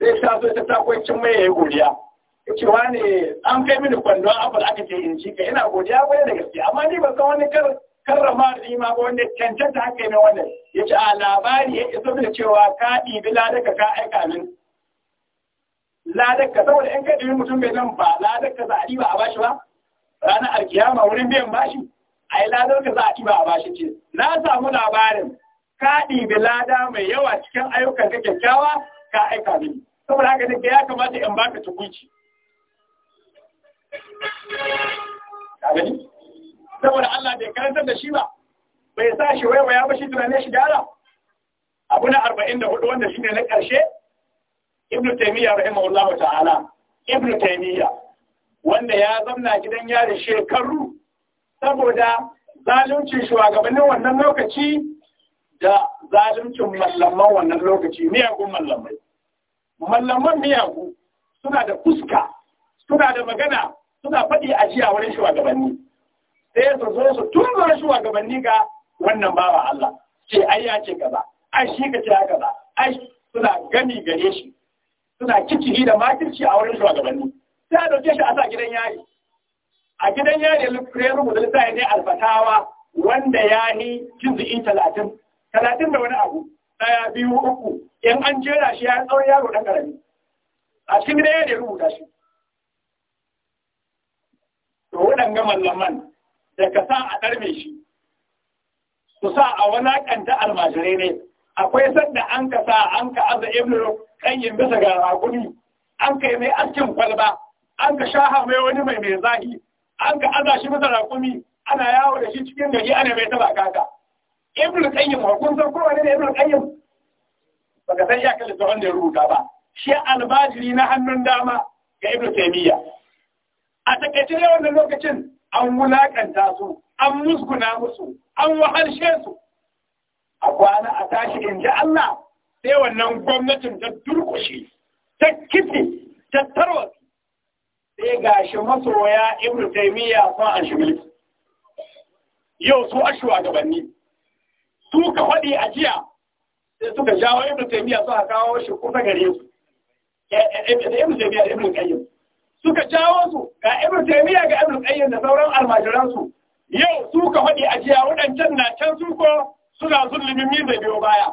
zai so ta takwancin mai ya yi godiya cewa ne an kai mini kwandon apple aka ce in ci ka ina godiya ko da gaske amma ni ban san wani karrama da ma ba wanda cancanta haka mai wannan ya ce a labari ya iso mini cewa ka ɗibi ladaka ka aika min ladaka saboda in ka ɗibi mutum bai nan ba ladaka za a ɗiba a bashi ba ranar alkiyama wurin biyan bashi a yi ladaka za a ɗiba a bashi ce na samu labarin ka ɗibi lada mai yawa cikin ayyukan ka kyakkyawa ka aika mini saboda haka ne ya kamata in baka tukunci saboda Allah bai karantar da shi ba bai sa shi waiwaya ba bashi tunanin shi gyara abu na arba'in da hudu wanda ne na ƙarshe ibnu taimiyya rahimahullah ta'ala Ibn taimiyya wanda ya zamna gidan yari shekaru saboda zaluncin shugabannin wannan lokaci da zaluncin mallaman wannan lokaci miyagun mallamai mallaman miyagu suna da fuska suna da magana suna faɗi a jiya wurin shugabanni sai su zo su tura shugabanni ga wannan bawa Allah ce ai ya ce gaba ai shi ka ce gaba ai suna gani gare shi suna kiciki da makirci a wurin shugabanni sai a dauke shi a sa gidan yari a gidan yari ya da sai ne alfatawa wanda yayi cin kinzu 30 talatin talatin da wani abu ɗaya biyu uku in an jera shi ya tsawon yaro na ƙarami a cikin da ya rubuta shi to waɗanga mallaman da ka sa a ɗarme shi su sa a walaƙanta almajirai ne akwai sanda an ka sa an ka aza ibnu kayyin bisa ga rakuni an kai mai askin kwalba an ka shaha mai wani mai mai zahi an ka aza shi bisa rakumi ana yawo da shi cikin gari ana mai taba kaka ibn qayyim ko kun san ko wani ne ibn qayyim baka san ya kalli tsohon da ya rubuta ba shi albajiri na hannun dama ga ibn taymiya a takaice ne wannan lokacin an wulakanta su an musguna musu an wahalshe su a kwana a tashi in ji Allah sai wannan gwamnatin ta durkushe ta kitse ta tarwatsa sai ga shi masoya ibn taymiya sun an shi yau su a shugabanni su ka faɗi a jiya sai suka jawo ibn taymiya a kawo shi kusa gare su eh, eh, eh, ibn taymiya da ibn qayyim suka jawo su ga ibn taymiya ga ibn qayyim da sauran almajiran su yau su ka faɗi a jiya waɗancan na can su ko suna zulumin min da biyo baya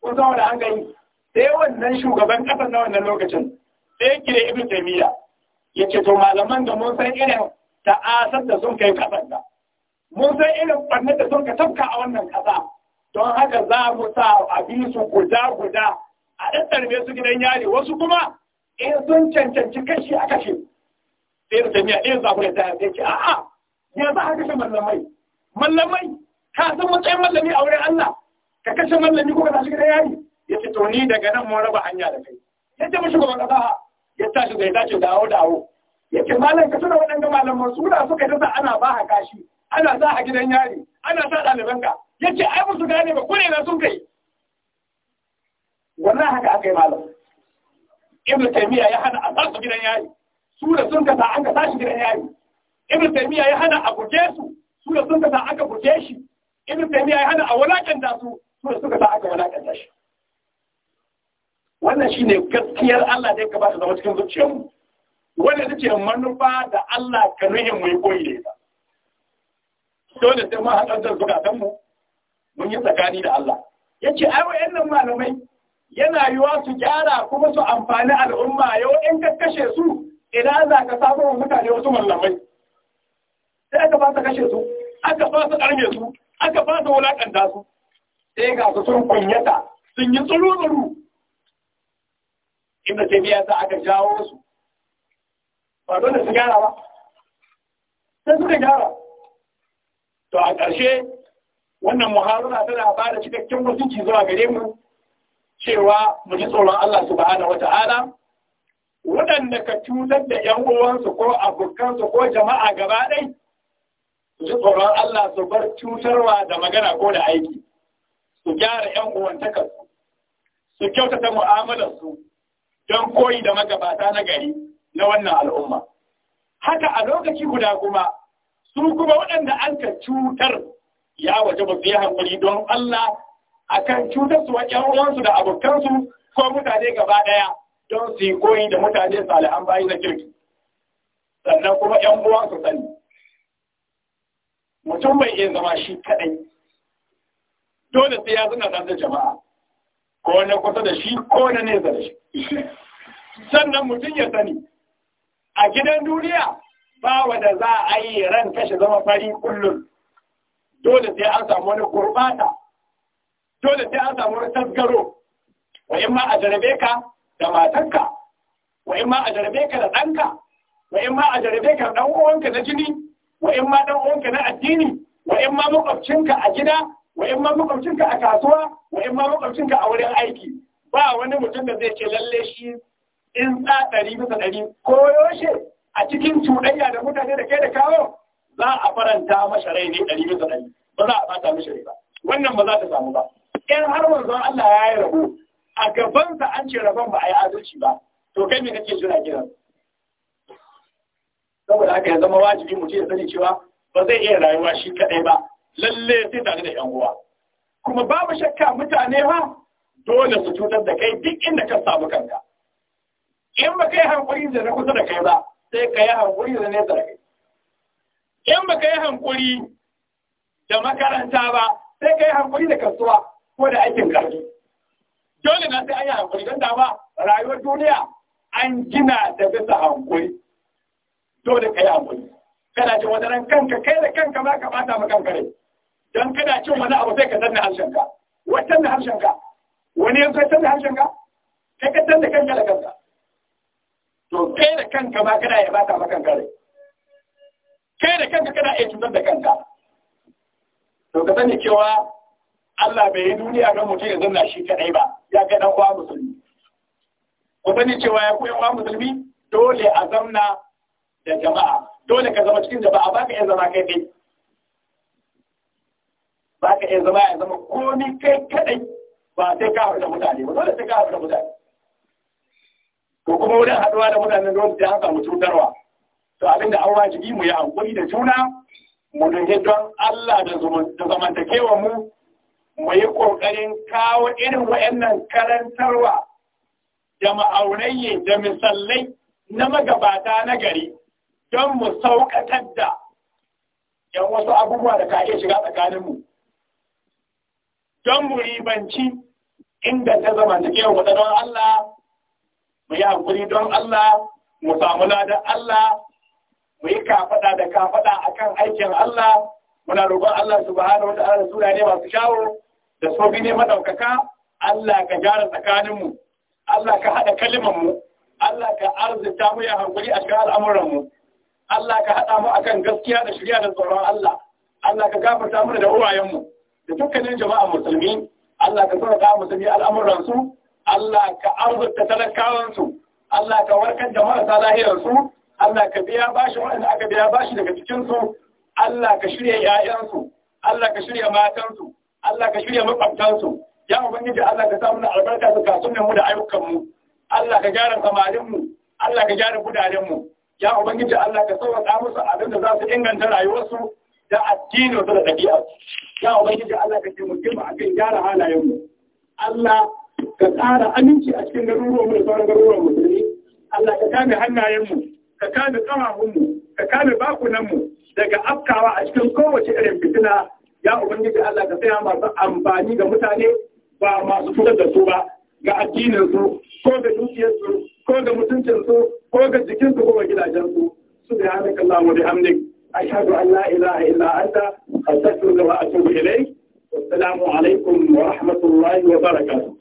kun zama da an gani sai wannan shugaban ƙasar na wannan lokacin sai yake da ibn taymiya ce to malaman da mun san irin ta'asar da sun kai ƙasar da mun san irin ɓarnar da sun ka tafka a wannan ƙasa don haka za mu sa a bi su guda guda a ɗan su gidan yari wasu kuma in sun cancanci kashi a kashi sai da jami'a ɗaya za mu yadda ya ce a'a ya za a kashe mallamai mallamai ka san matsayin mallami a wurin Allah ka kashe mallami ko ka tashi gidan yari ya ce to ni daga nan mun raba hanya da kai ya ce mu shugaban kasa ya tashi zai tashi dawo dawo ya ce malam ka tuna waɗanda malaman su da suka yi ta ana ba ha kashi ana sa a gidan yari ana sa ɗalibanka ya ce ai musu gane ba kure na sun kai wannan haka aka yi malam ibn taymiya ya hana a sasu gidan yari su da sun kasa an ka sashi gidan yari ibn taymiya ya hana a guje su su da sun kasa aka guje shi ibn taymiya ya hana a walakanta su su da sun kasa aka walakanta shi wannan shine gaskiyar Allah da ya kamata zama cikin zuciyarmu wannan ita ce manufa da Allah ka nuhin koyi da ita dole sai mun haɗar da zukatan mu mun yi tsakani da Allah yace ai wayannan malamai yana yiwa su gyara kuma su amfani al'umma yau in ka kashe su idan za ka samu mutane wasu malamai sai aka fasa kashe su aka fasa karme su aka fasa wulakanta su sai ga su sun kunyata sun yi tsuru-tsuru inda biya za aka jawo su ba dole su gyara ba sai suka gyara to a ƙarshe wannan muharara tana ba da cikakken mutunci zuwa gare mu cewa mu ji tsoron Allah su wata wata'ala waɗanda ka cutar da 'yan uwansu ko abokansu ko jama'a gaba ɗai su ji tsoron Allah su bar cutarwa da magana ko da aiki su gyara 'yan uwantakarsu su kyautata mu'amalarsu don koyi da magabata na gari na wannan al'umma haka a lokaci guda kuma su kuma waɗanda an ka cutar ya waje ba su yi hankali don Allah akan cutar su ƴan uwansu da abokansu ko mutane gaba ɗaya don su yi koyi da mutane salihan bayi na kirki sannan kuma ƴan uwan su sani mutum bai iya zama shi kaɗai dole sai ya zuna da jama'a ko na kusa da shi ko na nesa da shi sannan mutum ya sani a gidan duniya ba wanda za a yi ran kashe zama fari kullum dole sai an samu wani gurbata dole sai an samu wani tasgaro wa in ma a jarabe ka da matanka wa in ma a jarabe ka da ɗanka wa in ma a jarabe ka ɗan uwanka na jini wa in ma ɗan uwanka na addini wa in ma makwabcinka a gida wa in ma makwabcinka a kasuwa wa in ma makwabcinka a wurin aiki ba wani mutum da zai ce lalle shi in tsa ɗari bisa ɗari ko yoshe a cikin cuɗayya da mutane da ke da kawo za a faranta masa rai ne ɗari bisa ɗari ba za a fata masa ba wannan ba za ta samu ba in har wanzu Allah ya yi rabu, a gabansa an ce rabon ba a yi adalci ba to kai me kake suna kiran saboda haka ya zama wajibi mutum ya sani cewa ba zai iya rayuwa shi kaɗai ba lalle sai tare da yan uwa kuma babu shakka mutane ma dole su cutar da kai duk inda ka samu kanka in ba kai hankali da na kusa da kai ba sai ka yi hankuri da nesa da kai in ba ka yi hankuri da makaranta ba sai ka yi hankuri da kasuwa ko da aikin karfi dole na sai an yi hankuri don dama rayuwar duniya an gina da bisa hankuri dole ka yi hankuri kana jin wani ran kanka kai da kanka ba ka bata ma kanka rai don kana cin wani abu sai ka danna harshenka wata na harshenka wani yanzu ya da harshenka kai ka danna kanka da kanka to kai da kanka ba kana ya baka maka kare kai da kanka kana iya cutar da kanka to ka sani cewa Allah bai yi duniya ga mutum ya zanna shi kadai ba ya ga dan uwa musulmi ku sani cewa ya koyi uwa musulmi dole a zamna da jama'a dole ka zama cikin jama'a ba ka iya zama kai kai ba ka iya zama ya zama komi kai kadai ba sai ka haɗu da mutane ba dole sai ka haɗu da mutane to kuma wurin haɗuwa da mutanen da wanda ya mu cutarwa to abinda da an wajibi mu yi hankuri da juna mu dinge don Allah da zamantakewa mu mu yi ƙoƙarin kawo irin wa'annan karantarwa da ma'aurayye da misalai na magabata na gari don mu sauƙatar da yan wasu abubuwa da ka iya shiga mu don mu ribanci inda ta zamantakewa kewa don Allah mu yi hankuri don Allah mu samu da Allah mu yi kafada da kafada kan aikin Allah muna roƙon Allah subhanahu wanda da sura ne masu shawo da sobi ne madaukaka Allah ka gyara tsakaninmu Allah ka haɗa kalimanmu Allah ka arzita mu ya hankuri a cikin al'amuranmu Allah ka haɗa mu akan gaskiya da shirya da tsoron Allah Allah ka gafarta mu da uwayenmu da dukkanin jama'a musulmi Allah ka sauka musulmi al'amuransu Allah ka arzuta talakawansu Allah ka warkar da marasa lahiyarsu Allah ka biya bashi waɗanda aka biya bashi daga cikinsu Allah ka shirya ‘ya'yansu, Allah ka shirya matansu, Allah ka shirya makwabtansu, ya Ubangiji Allah ka samu na albarka su kasunan mu da ayyukanmu, Allah ka gyara samarinmu, Allah ka gyara gudanenmu, ya Ubangiji Allah ka sauwaka musu abin da za su inganta rayuwarsu da addininsu da ɗabi'arsu. Ya Ubangiji Allah ka ce mu a kan gyara halayenmu. Allah ka tsara aminci a cikin garuruwan mu da sauran garuruwan musulmi Allah ka kame hannayenmu ka kame ƙafafunmu ka kame bakunanmu daga afkawa a cikin kowace irin fitina ya ubangiji Allah ka saya masu amfani ga mutane ba masu cutar da su ba ga addininsu ko ga dukiyarsu ko ga mutuncinsu ko ga jikinsu ko ga gidajensu سبحانك اللهم وبحمدك أشهد أن لا إله إلا أنت أستغفرك Wa إليك والسلام عليكم ورحمة الله وبركاته